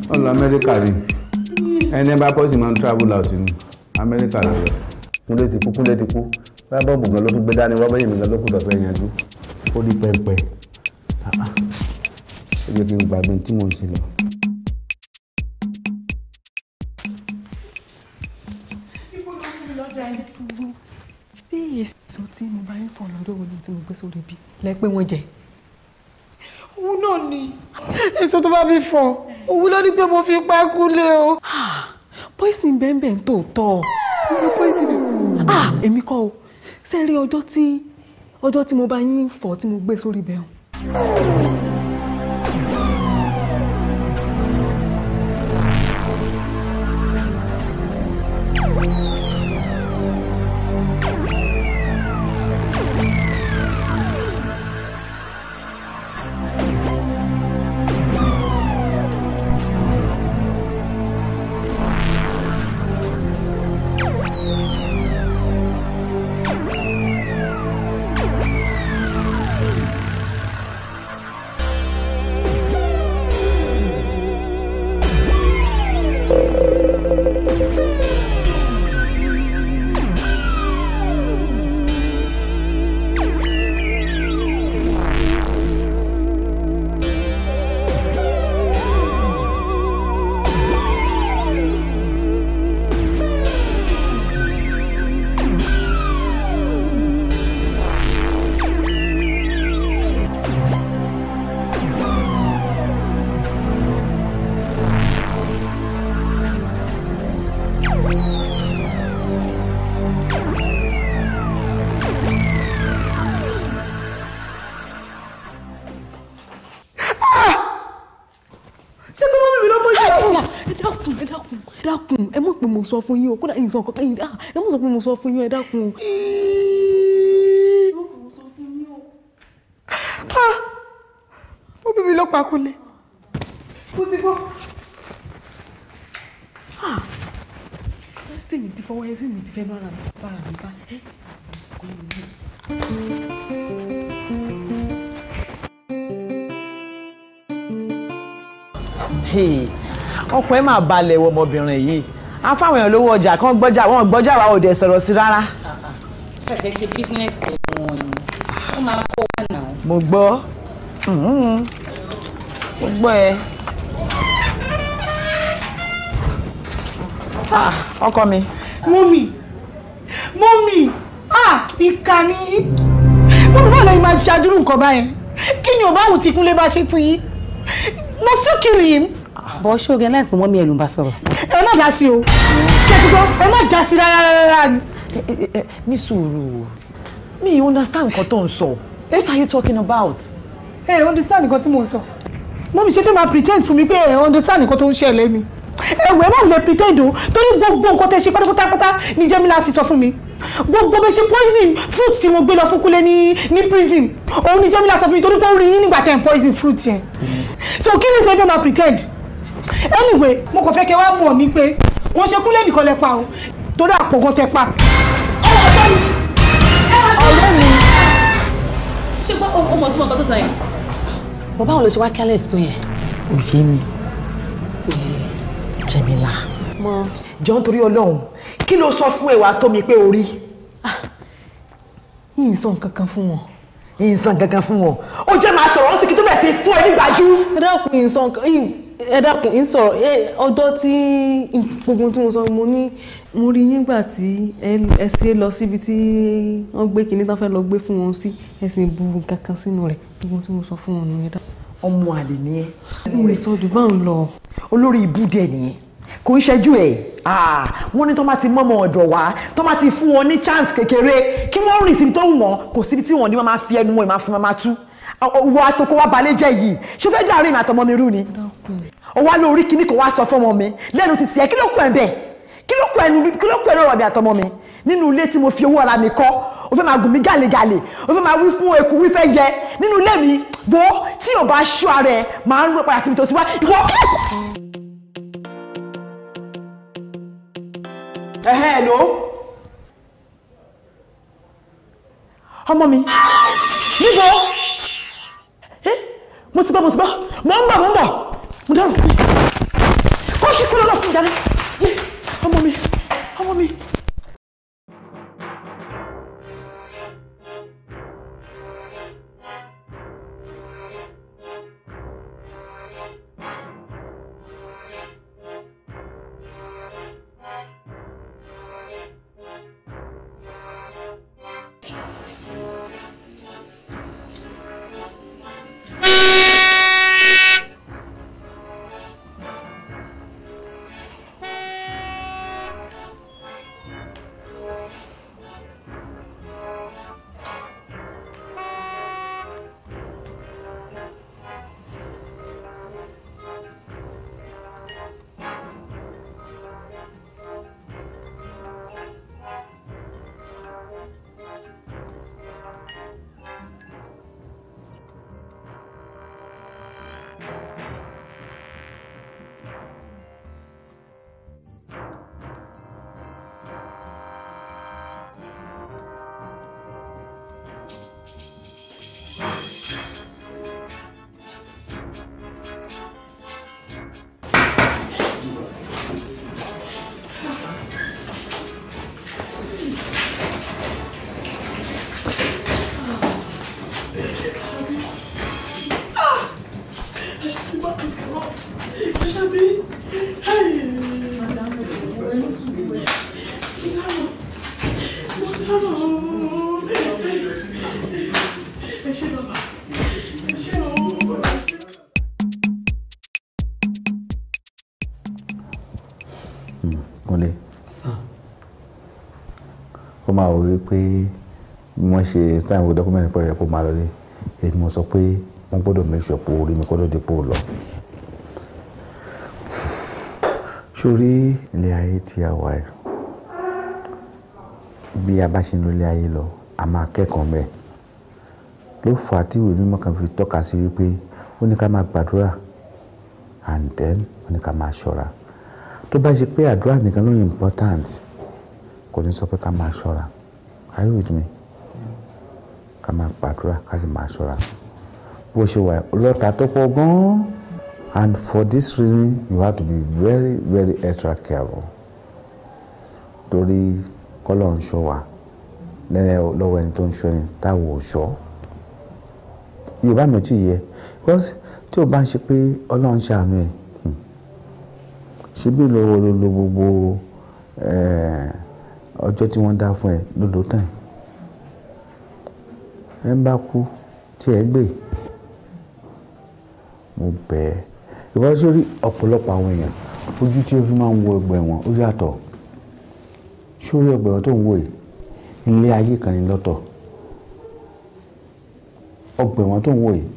Speaker 2: Wọ́n lọ Amẹ́ríkà rí. Ẹni bá pọ́sì máa ń travel out ni. Amẹ́ríkà ló lọ. Kúnlé ti kú, Kúnlé ti kú. Bá bọ́ọ̀bù gan ló tún gbé dání wá bẹ́yìn mi gan ló kú dọ̀fẹ́ yanjú. Ó di pẹ́pẹ́. Ó ah, ah. kí n gbàgbé tí mò ń ṣe lọ.
Speaker 4: yes. so tí mo bá yín fọ̀ lọ́dọ̀ wo ni tí mo gbé sórí bí lẹ́pẹ́ wọn jẹ. òun náà ni èso tó bá mi fọ̀ òun ló ní pé mo fi pa kúlé o. Ah, pọ́ìsì bẹ́ẹ̀nbẹ́ ń tòótọ́ mo ní pọ́ìsì bẹ́ẹ̀ ah, èmi kọ́ o ṣe rí ọjọ́ tí ọjọ́ tí mo bá yín fọ̀ tí mo
Speaker 3: gbé sórí bẹ́ẹ̀ o.
Speaker 4: sọ fún yín o kódà ẹ̀yin sọ nǹkan ẹ̀yin ah ẹ mọ̀ sọ pé mo sọ fún yín ẹ dákun o. Ah, ó bíbí ló pa kúnlẹ̀. mo ti gbọ́. sí ah, mi ti fọwọ́ ẹ sí mi ti fẹ́ bára mi bára mi bá ẹ máa balẹ̀ wọ ọmọbìnrin yìí a fáwọn èèyàn lówó ọjà kan gbọ́jà wọn gbọ́jà wa ò dẹ̀ sọ̀rọ̀ sí rárá.
Speaker 1: ṣàṣẹ ṣe business pẹ̀lú wọn ni wọ́n máa kó wà náà.
Speaker 4: mo gbọ́ mm-hmm. mo gbọ́ ẹ. Ah, ọkọ mi. mọ́mì mọ́mì ah, ìkà ni mọ́mì báwo lẹ́yìn máa ṣe àdúrú nǹkan báyẹn kí ni òbá àwùjọ ìkúnlẹ̀ bá ṣe fún yín mo sún kiri. bọ́ ṣé o realize pé mọ́mì ẹ̀ ló ń bá sọ̀rọ̀ ẹ má dá sí o ṣe ti gbọ́ ẹ má dá sí rárá rárá ni. mi sùúrù mi understand nǹkan tó ń sọ what are you talking about. ẹ ẹ understand nǹkan tí mo sọ mọ́mí ṣe fẹ́ máa pretend fún mi pé ẹ understand nǹkan tó ń ṣẹlẹ̀ ni ẹ wẹ̀ má lè pretend o torí gbogbo nǹkan tẹ́ ṣe pátápátá ní Jẹ́mílà ti sọ fún mi gbogbo bẹ ṣe poison fruit tí mo gbé lọ fún Kúnlé ní ní prison òun ní Jẹ́mílà sọ fún mi torí pé ó rí yín nígbà tẹ́ ń poison fruit yẹn so kí ni ìfẹ́ fẹ́ máa pretend anyway mo kàn fẹ́ kẹ́ wá mọ̀ ní pé kò ṣe kúnlẹ̀ nìkan lẹ pa o torí àpò gan tẹ pa. ọ̀rẹ́ mi ṣé pé o mọ̀ tí mo kọ́ tó sọ yẹn. bàbá àwọn olóṣèwà careless tó yẹn. òye mi òye Jẹ́mílà. mọ. jọ nítorí Ọlọ́run kí ló sọ fún ẹwà tó mi pé orí. yìí ah, sọ nǹkan kan fún wọn ìsàn kankan fún wọn ó jẹ́ màá sọ̀rọ̀ ó sì kí tó bẹ̀rẹ̀ sí fún ẹ nígbàjú. ẹ dákun ìsàn kan ẹ dákun ń sọ̀rọ̀ ọjọ́ tí gbogbo tí mo sọ mo ní mo rí yín gbà tí ẹ ṣe lọ síbi tí wọ́n gbé kinní tán fẹ́ lọ gbé fún wọn sí ẹ sì bu kankan sínú rẹ̀ gbogbo tí mo sọ fún wọn nìyẹn. ọmọ àlè ni ẹ. mi ò sọ dùgbà ń lọ. olórí ibùdó ẹ nìyẹn kò ń ṣẹ́jú ẹ̀ wọ́n ní tó máa ti mọ́mọ́ ọ̀dọ̀ wá tó máa ti fún wọn ní chance kékeré kí wọ́n rìn síbi tó wù wọ́n kò síbi tí wọ́n ní máa fi ẹnu wọn ìmáfin máa tú wo àtòkò wa balẹ̀ jẹ́ yìí ṣé o fẹ́ dàrí mi àtọmọ mi rú ni o wá lórí kíní kò wá sọ fọmọ mi lẹ́nu ti tiẹ̀ kí ló kù ẹ̀ bẹ́ẹ̀ kí ló kù ẹnu kí ló kù ẹnu ọ̀rọ̀ àtọmọ mi nínú ilé tí mo fi owó ọ̀la mi kọ́ o fẹ́ máa gùn mí gàlégàlé o fẹ́ máa wí fún eku wí fẹ́ yẹ nínú ilé mi wo tí o bá ṣọ́ ara ẹ̀ máa ń rọ padà síbi tó ti wá ìwọ. ọmọ mi níbo mo ti bọ́ mo ti bọ́ mo ń bọ̀ mo ń bọ̀ mo dárò kó ṣí kúrò lọ fún ìdáná ọmọ mi ọmọ mi.
Speaker 2: máa wọ wípé bí wọ́n ṣe sign wo document pẹ̀lú ẹ̀kọ́ máa lọlé èmi mo sọ pé wọ́n gbọ́dọ̀ make sure pé orí mi kọ́ ló dé pò lọ. sórí ilé ayé tí a wà bí a bá ṣe ń lo ilé ayé lọ a máa kẹ́kọ̀ọ́ mẹ́ẹ̀ ló fà á tí ìwé mímọ́ kan fi tọ́ka sí wípé ó ní ká máa gbàdúrà and then ó ní ká máa ṣọ́ra tó bá ṣe pé àdúrà nìkan ló important kò ní sọ pé ká máa ṣọ́ra are you with me ká máa gbàdúrà ká sì máa ṣọ́ra bó ṣe wà lọ́tà tó pọ̀ gan-an and for this reason you have to be very very extra careful torí kọ́lọ̀ ń ṣọ́ wa lẹ́rẹ̀ lọ́wọ́ ẹni tó ń ṣọ́ ni táwọn ò ṣọ́ yorùbá mi ò tí ì yẹ because tí o bá ń ṣe pé ọlọ́run ṣàánú ẹ̀ hmm, ṣíbí lówó ló lo gbogbo ẹ̀ẹ́. Eh, ọjọ́ tí wọ́n dá fún ẹ lòdò tán ẹ ń bá kú tí ẹ gbé mo bẹ̀ ẹ́ ìwọ sórí ọ̀pọ̀lọpọ̀ àwọn èèyàn ojú tí o fi máa ń wo ọgbà ẹ̀wọ̀n ó yàtọ̀ sórí ọgbà ẹ̀wọ̀n tó ń wò yìí ilé ayé kan ní lọ́tọ̀ ọgbà ẹ̀wọ̀n tó ń wò yìí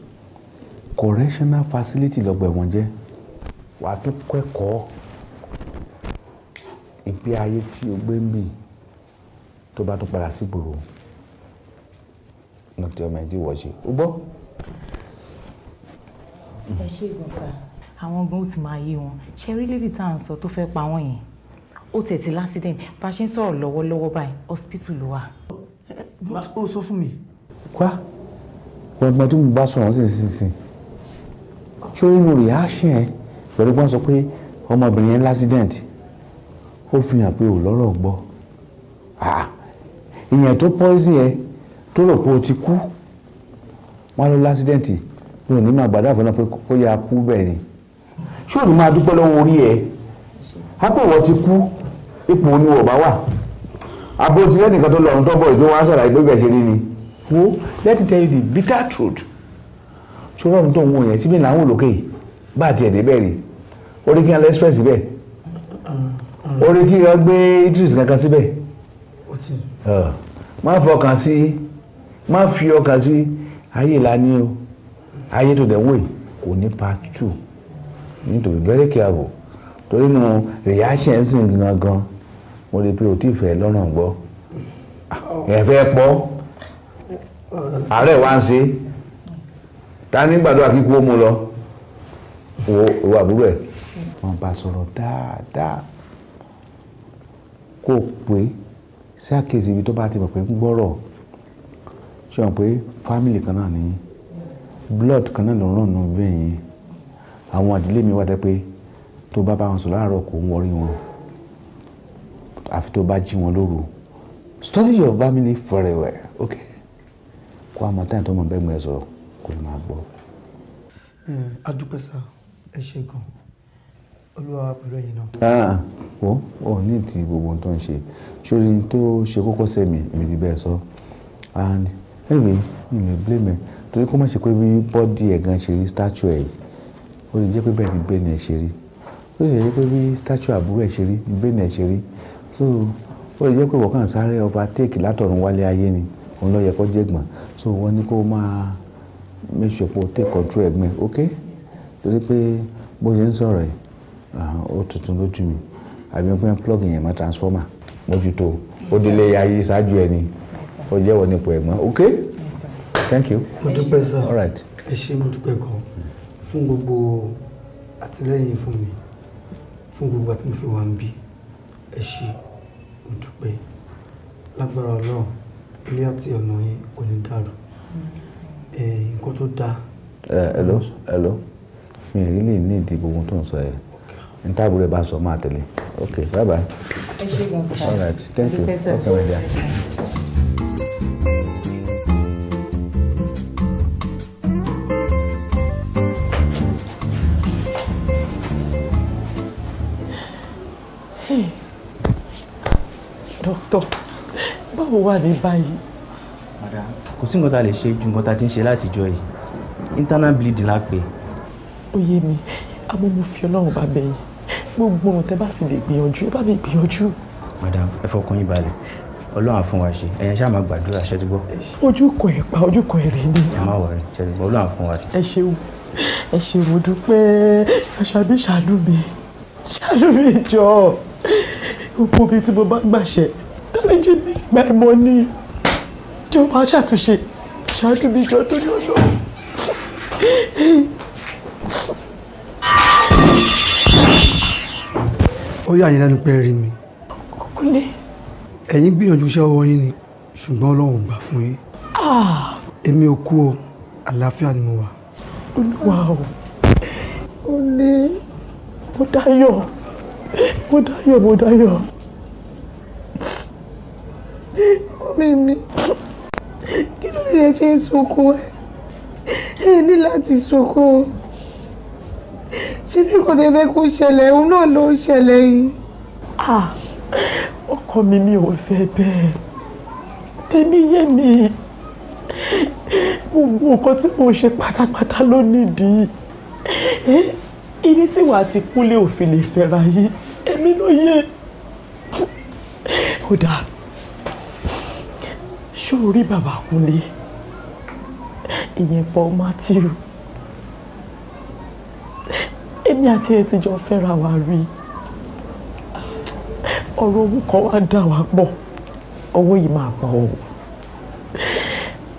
Speaker 2: correctional facility lọ́gbà ẹ̀wọ̀n jẹ́ wàá tún kọ́ ẹ̀kọ́ ìgbé ayé tí o gbé ń bì yìí tó bá tún padà sí gbòòrò náà tí ọmọ ẹ ti wọ̀ ṣe ó gbọ́.
Speaker 4: ẹ ṣe ìgbọ̀n àwọn ọgbọ́n ó ti máa yé wọn ṣe rí lédi tá à ń sọ tó fẹ́ pa wọ́n yẹn ó tẹ̀tí lásìdẹ̀ǹt bá a ṣe ń sọ̀rọ̀ lọ́wọ́lọ́wọ́ báyìí hospital ló wà.
Speaker 3: ó sọ fún mi. wá
Speaker 2: gbọ̀ngbọ̀n tó ń bá sọ̀rọ̀ sí sísìn sórí mo rè á ṣe ẹ pẹ̀lú pé wọ́n sọ pé ọmọbìnrin yẹn lásìdẹ̀ǹt ó fi hàn pé ò lọ́rọ̀ gbọ́ ah èèyàn tó poison yẹn tó rò pé o ti kú wọn lọ lásìdẹ́ǹtì mi ò ní máa gbàdá fún ọ pé kó yá kú bẹ́ẹ̀ ni ṣé òun máa dúpẹ́ lọ́wọ́ orí ẹ̀ hápẹ̀wọ̀ ti kú ipò oníwọ̀ bá wà àbò tí lẹ́nìkan tó lọ́run tọ́bọ̀ ìjọ wá sàlàyé pé bẹ́ẹ̀ ṣe rí ni. wo let me tell you the bitter truth ṣé ọlọ́run tó ń wọ yẹn síbi làwọn olókè yìí bá a tiẹ̀ dé bẹ́ẹ̀ rí orí kí n lọ express bẹ́ẹ̀
Speaker 3: mm,
Speaker 2: mm. orí kí n lọ gbé Idris kankan síbẹ̀ má fọkàn sí má fi ọkàn sí ayé ìlànà o ayé tó dẹ̀ ń wò yìí kò ní part two need to be very careful torí nu reaction sì gangan mo rí i pé o ti fẹ́ lọ́rùn gbọ́ oh. ẹ fẹ́ pọ́ ààrẹ wa ń ṣe ta ní gbàdúrà kíkú ó mu lọ wo ìwà àbúrò ẹ̀ wọ́n bá sọ̀rọ̀ dáadáa kó o pé sí àkíyèsí ibi tó bá ti mọ̀ pé ń gbọ́rọ̀ ṣe hàn pé family kan náà nìyí blood kan náà ló ń ràn nù vein yìí àwọn àdílé mi wá dé pé tó bá bá wọn sùn láàárọ̀ kò ń wọrí wọn àfi tó bá jí wọn lóru study your family very well okay kó àmọ́ táyà tó mọ̀ bẹ́ẹ̀ mú ẹ sọ̀rọ̀ kó lè máa gbọ́.
Speaker 3: ẹ adúpẹ́ sá ẹ ṣe gan-an olúwa pẹ̀lú ẹ̀yin
Speaker 2: náà. Ah, wọ́n ò ní ti gbogbo nǹkan ṣe sórí tó ṣe kókó sẹ́mi èmi ti bẹ́ẹ̀ sọ and anyway mi lè blame ẹ torí kó má ṣe pé bí bọ́dì ẹ̀ gan ṣe rí statue ẹ̀ ó lè jẹ́ pé bẹ́ẹ̀ ni brain ẹ̀ ṣe rí ó lè jẹ́ pé bí statue àbúrò ẹ̀ ṣe rí ni brain ẹ̀ ṣe rí so ó lè jẹ́ pé wọ́n kàn sáré overtake látọ̀run wálé ayé ni òun ló yẹ kó jẹ̀gbọ́n so wọ́n ní kó máa make sure pé o take control ẹ̀gbọ́n ok torí pé bó ṣe ń sọ̀rọ̀ yìí ó tuntun lójú mi àbí pé plug yẹn mọ́ transformer mójútó ó délé ayé ṣáájú ẹ ni ó jẹ́wọ́ nípò ẹ̀gbọ́n ok thank you.
Speaker 3: mo dúpẹ́ sá ẹ ṣé mo dúpẹ́ gan fún gbogbo àtìlẹ́yìn fún mi fún gbogbo àti mo fi wà ń bí ẹ ṣé mo dúpẹ́ lágbára ọlọ́run ilé àti ọ̀nà yẹn kò ní dàrú nǹkan tó dáa.
Speaker 2: ẹ ẹ lọ ẹ lọ mi ì rí lè ní ìdí gbogbo tó ń sọ yẹn n táàbù rẹ̀ bá sọ máa tẹ̀lé ok bye bye.
Speaker 3: ẹ ṣe gan sa all right
Speaker 2: thank you okay my dear.
Speaker 4: dókítà báwo wà ní báyìí. madam
Speaker 2: kò sí nǹkan tá a lè ṣe ju nǹkan tá a ti ń ṣe látijọ́ yìí internal bleeding la pè.
Speaker 4: ó mi àmọ́ fi ọlọ́run bá bẹ̀ gbogbo ohun tẹ bá fi lè gbìyànjú ẹ bá mi gbìyànjú.
Speaker 2: madam ẹ fọkàn yín balẹ̀ ọlọ́run àfún wa ṣe ẹ̀yin ṣáà máa gbàdúrà ṣe ti gbọ́.
Speaker 4: ojú kan ẹ̀ pa ojú kan ẹ̀ rè ni. ẹ má
Speaker 2: wọrí ṣe ti gbọ́ ọlọ́run àfún wa ṣe.
Speaker 4: ẹ ṣeun ẹ ṣeun mo dúpẹ́ aṣáájú ṣàánú mi ṣàánú mi jọ gbogbo mi tí mo bá gbàṣẹ dáríjì mi ìgbà ẹ̀mọ́ ni ìjọba ṣàtúnṣe ṣàánú mi jọ torí ọlọ́run.
Speaker 3: ó yà yín lẹ́nu pé rí mi. kúnlé. ẹ̀yin gbìyànjú iṣẹ́ ọwọ́ yín ni ṣùgbọ́n ọlọ́run ò gbà fún yín. Ah! èmi ò kú o àlàáfíà ni mo wà. olúwa o ó
Speaker 4: ní mo dáyọ̀ mo dáyọ̀ mo dáyọ̀ mímí kí ló lè ṣe ń sunkún ẹ ẹ ní láti sunkún o ṣé bí kò dédé kó ṣẹlẹ̀ òun náà ló ń ṣẹlẹ̀ yìí. ọkọ mi mi ò fẹ́ bẹ́ẹ̀ tèmi yé mi gbogbo nǹkan tí mo ṣe pátápátá ló nídìí ìdí tí wàá ti kúnlé òfin lè fẹ́ra yìí èmi ló yé ó dáa ṣó o rí bàbá kúnlé ìyẹn Paul Matthew èmi àti ẹ ti jọ fẹ́ra wa rí ọ̀rọ̀ owó kan wá dà wá pọ̀ owó yìí máa pọ̀ o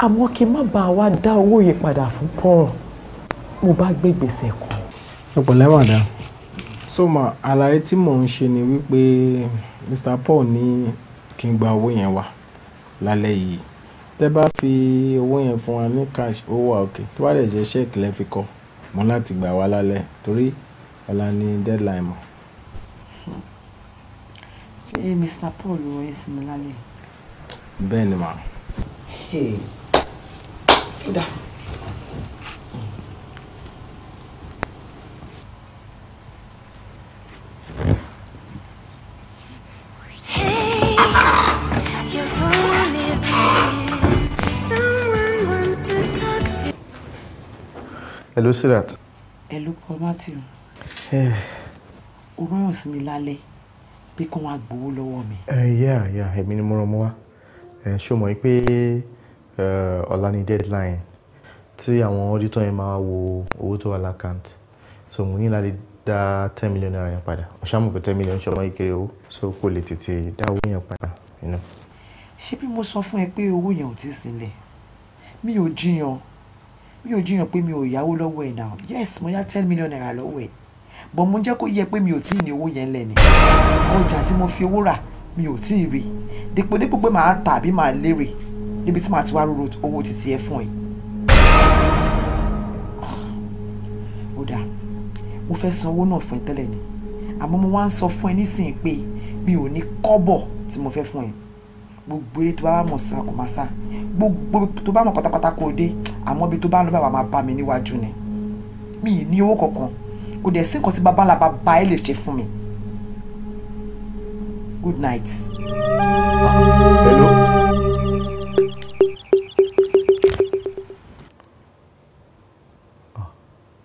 Speaker 4: àmọ́ kí n má bàa wá dá owó yìí padà fún
Speaker 2: Paul mo bá gbé gbèsè kan. ẹ pẹ̀lẹ́ màdá so ma àlàyé tí mò ń ṣe ni wípé Mr. Paul ni kí n gba owó yẹn wá lálẹ́ yìí tẹ́ bá fi owó yẹn fún wa ní cash owó wa òkè tó bá dẹ̀ jẹ́ ṣẹ́ẹ̀kì lẹ́ fi kọ́ mo láti gbà wá lálẹ́ torí ọ̀la ni deadline mọ̀.
Speaker 4: ṣé Mr. Paul wọ ẹ sinmi lálẹ́? bẹ́ẹ̀ ni màá. ó dáa.
Speaker 3: Hello, Sirat. Hello, Paul Matthew. Ó eh.
Speaker 4: rọrùn sí mi lálẹ́ pé kí wọ́n á gbowó lọ́wọ́ mi.
Speaker 3: Eh, yeah, yeah, èmi ni mo rán mọ́ wá. Eh, ṣé o mọ̀ pé ọ̀la ni deadline tí àwọn auditor yẹn máa wo owó tó wà lákàntì? So mo ní láti dá ten million naira yẹn padà. Ọ̀ṣà mọ̀ pé ten million ṣọmọ ìkéré owó. So kò da tètè dá owó yẹn padà.
Speaker 4: Ṣé bí mo sọ fún ẹ pé owó yẹn ò tí ì Mi ò jiyàn mi ò jiyàn pé mi ò yáwó lọ́wọ́ ẹ̀ náà yes mo yá ten million naira lọ́wọ́ ẹ̀ bọ́n mo jẹ́ kó yẹ pé mi ò tí ì ní owó yẹn lẹ́ni ọjà tí mo fi owó rà mi ò tí ì rí dípò dípò pé màá tà àbí màá lérè níbi tí màá ti wá rúru owó títí ẹ fún ẹ. ó dáa mo fẹ́ san owó náà fún ẹ tẹ́lẹ̀ ni àmọ́ mo wá ń sọ fún ẹ nísìnyí pé mi ò ní kọ́bọ̀ tí mo fẹ́ fún ẹ gbogbo eré tó bá mọ̀ sàn kò máa sà gbogbo tó bá mọ̀ pátápátá kó o dé àmọ́ ibi tó bá ń lọ bàbá máa bá mi níwájú ni mi ì ní owó kankan kò dẹ̀ sí nǹkan tí bàbá ńlá bàbá ẹ lè ṣe fún mi good night. Hello?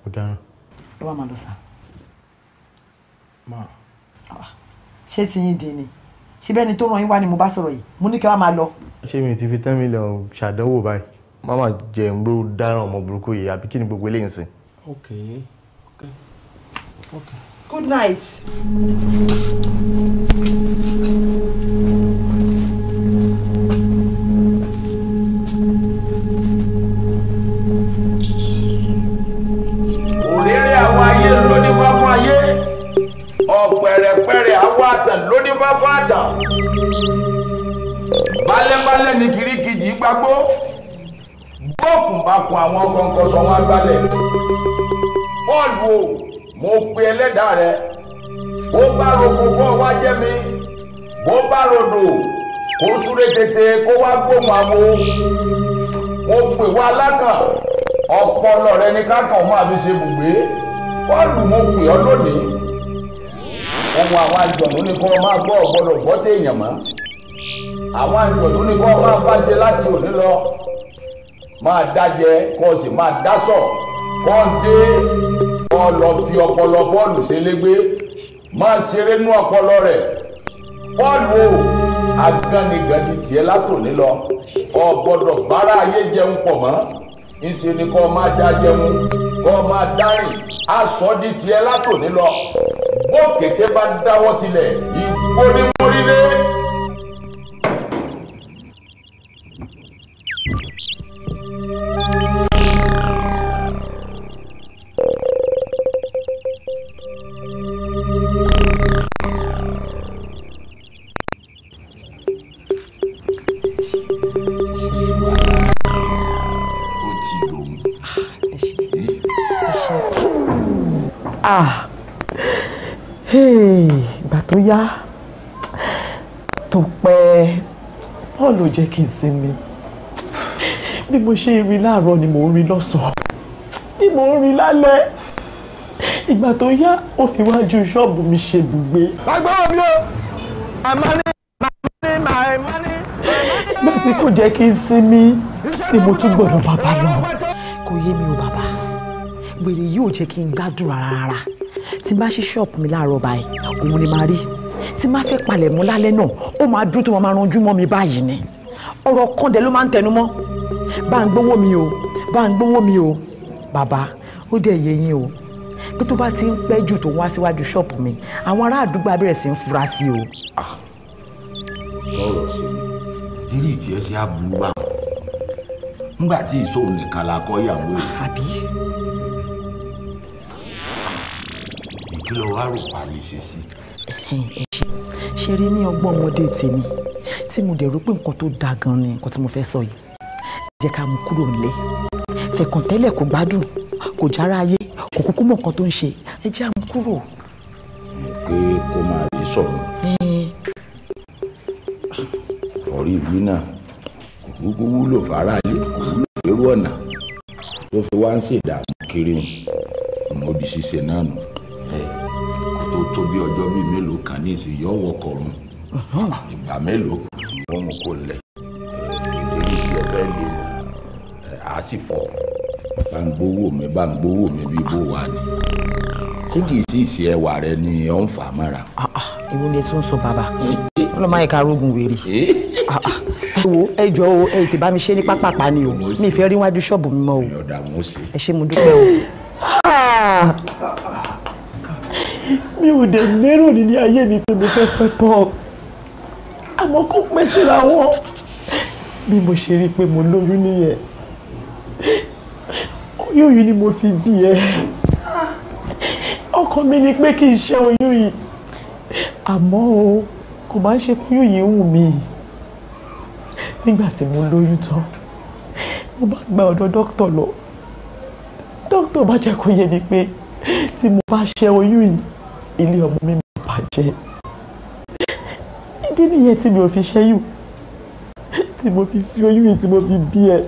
Speaker 4: ọ̀daràn. Ah, ẹ wá máa lọ sàn. ṣé ti yín di ni síbẹ̀ ni tó ràn yín wá ni mo bá sọ̀rọ̀ yìí mo ní kí wàá máa
Speaker 3: lọ. ṣé mi ti fi ten million ṣàdánwò báyìí mama jẹ n ló dáràn ọmọ burúkú yìí àbí kí ni gbogbo eléyìí ń sìn.
Speaker 4: ok ok ok. good night.
Speaker 2: bá fún àtà balẹ̀balẹ̀ ní kirikiji gbagbó bọ́ọ̀kùn bá kun àwọn kọ̀ǹkọ̀ sọ wọn agbálẹ̀ bọ́ọ̀lù o mo pe ẹlẹ́dàá rẹ bó bá roko kó wá jẹ́ mi bó bá rodò kó súré tètè kó wá gbóhùn àmọ́ mo pè wá alákàn ọpọlọ rẹ ní kákan mọ́ àfi ṣe bùgbé bọ́ọ̀lù mo pè ọ́ lónìí ohun àwọn àjọ̀nù ní kọ́ máa gbọ́ ọ̀gbọ́dọ̀ gbọ́ téèyàn mọ́ àwọn àjọ̀nù ní kọ́ máa bá ṣe láti òní lọ máa dájẹ kó o sì máa dásọ̀ kó o dé kó o lọ fi ọpọlọ bọ́ọ̀lù ṣelégbé máa ṣeré nú ọpọlọ rẹ̀ bọ́ọ̀lù o agániganni tiẹ̀ látòní lọ ọ gbọ́dọ̀ bára ayé jẹun pọ̀ mọ́ ńṣe ni kó máa dá jẹun kó máa dárìn aṣọ di tiẹ̀ látòní lọ ó kété bá dáwọ́ tilẹ̀ ìkórìkórìlé.
Speaker 4: yá tó pẹ́ Paul ò jẹ́ kí n sinmi bí mo ṣe rí láàárọ̀ ni mò ń rí lọ́sàn-án ni mò ń rí lálẹ́ ìgbà tó yá ó fi wájú ṣọ́ọ̀bù mi ṣe bùgbé. lágbára mi o my money my money my money. ìgbà tí kò jẹ́ kí n sinmi ni mo tún gbọ́dọ̀ bàbá lọ. kò yé mi o bàbá wèrè yìí ò jẹ́ kí n gbádùn rárá tí n bá ṣí ṣọ́ọ̀pù mi láàárọ̀ báyìí òun ni màá rí tí n bá fẹ́ palẹ̀ mọ́ lálẹ́ náà ó máa dúró tó máa ranjú mọ́ mi báyìí ni ọ̀rọ̀ kan dẹ̀ ló máa ń tẹnu mọ́ bá ń gbówó mi o bá ń gbówó mi o bàbá ó dẹ̀ yé yín o pé tó bá ti ń pẹ́ jù tó wá síwájú ṣọ́ọ̀pù mi
Speaker 2: àwọn ará àdúgbò abẹ́rẹ́ sí ń fura sí o. Ah. ọ̀rọ̀ sí nílì tí ẹ ṣe bá wọn nígbà tí ìṣòro nìkan la kọ́ ìyàwó rẹ̀. àbí kí ló wá rò pa lè ṣe sí.
Speaker 4: ṣe rí ní ọgbọ́n ọmọdé tèmi tí mo dẹ̀ rò pé nǹkan tó dáa gan ni nǹkan tí mo fẹ́ sọ yìí jẹ́ ká mú kúrò nílẹ̀ fẹ̀kàn tẹ́lẹ̀ kò gbádùn kò jára ayé kò kúkú mọ̀ nǹkan tó ń ṣe ẹ jẹ́ àmú kúrò.
Speaker 2: pé kó máa rí sọ̀rọ̀ ọ̀rí ìlú náà kò kúkú wúlò fáráàlú kò wúlò fẹ́rù ọ̀nà tó fi wá ń ṣèdààmú kiri wọn ṣíṣe náà nù kó tó tó bí ọjọ́ bíi mélòó kan ní ìsìn yọ wọkọ̀ ọ̀run ìgbà mélòó wọ́n mú kó lẹ̀ èyí tí ẹ fẹ́ lè mú a sì fọ́ bá ń gbowó mi bá ń gbowó mi bí bó wà ní tí kì í sì ṣe ẹwà rẹ ni ọ ń fà mọ́ra. Ah, ah,
Speaker 4: èwo ni èso ń sọ bàbá
Speaker 2: ọlọ́mọ ẹ̀ka arógun wèrè eh? ah,
Speaker 4: wo ẹ jọ o ẹ tẹ bá mi ṣe ní pápápá ni o mi ìfẹ́ rí wájú ṣọ́ọ̀bù mi mọ́ o ẹ ṣé mo dúpẹ́ o mi ò dẹ̀ lérò nílé ayé mi pé mo fẹ́ fẹ́ Paul àmọ́ kò pẹ́ síra wọn bí mo ṣe rí i pé mo lóyún nìyẹn oyún yìí ni mo fi bí ẹ ọkàn mi ni pé kí n ṣe oyún yìí àmọ́ o kò máa ń ṣe pé oyún yìí ń wù mí nígbà tí mo lóyún tán mo bá gba ọ̀dọ̀ dókítà lọ dókítà bá jẹ́ kó yé mi pé tí mo bá ṣe oyún yìí ilé ọmọ mi máa bàjẹ́ ìdí nìyẹn tí mi ò fi ṣẹ́yún tí mo fi fi oyún yìí tí mo fi bí ẹ.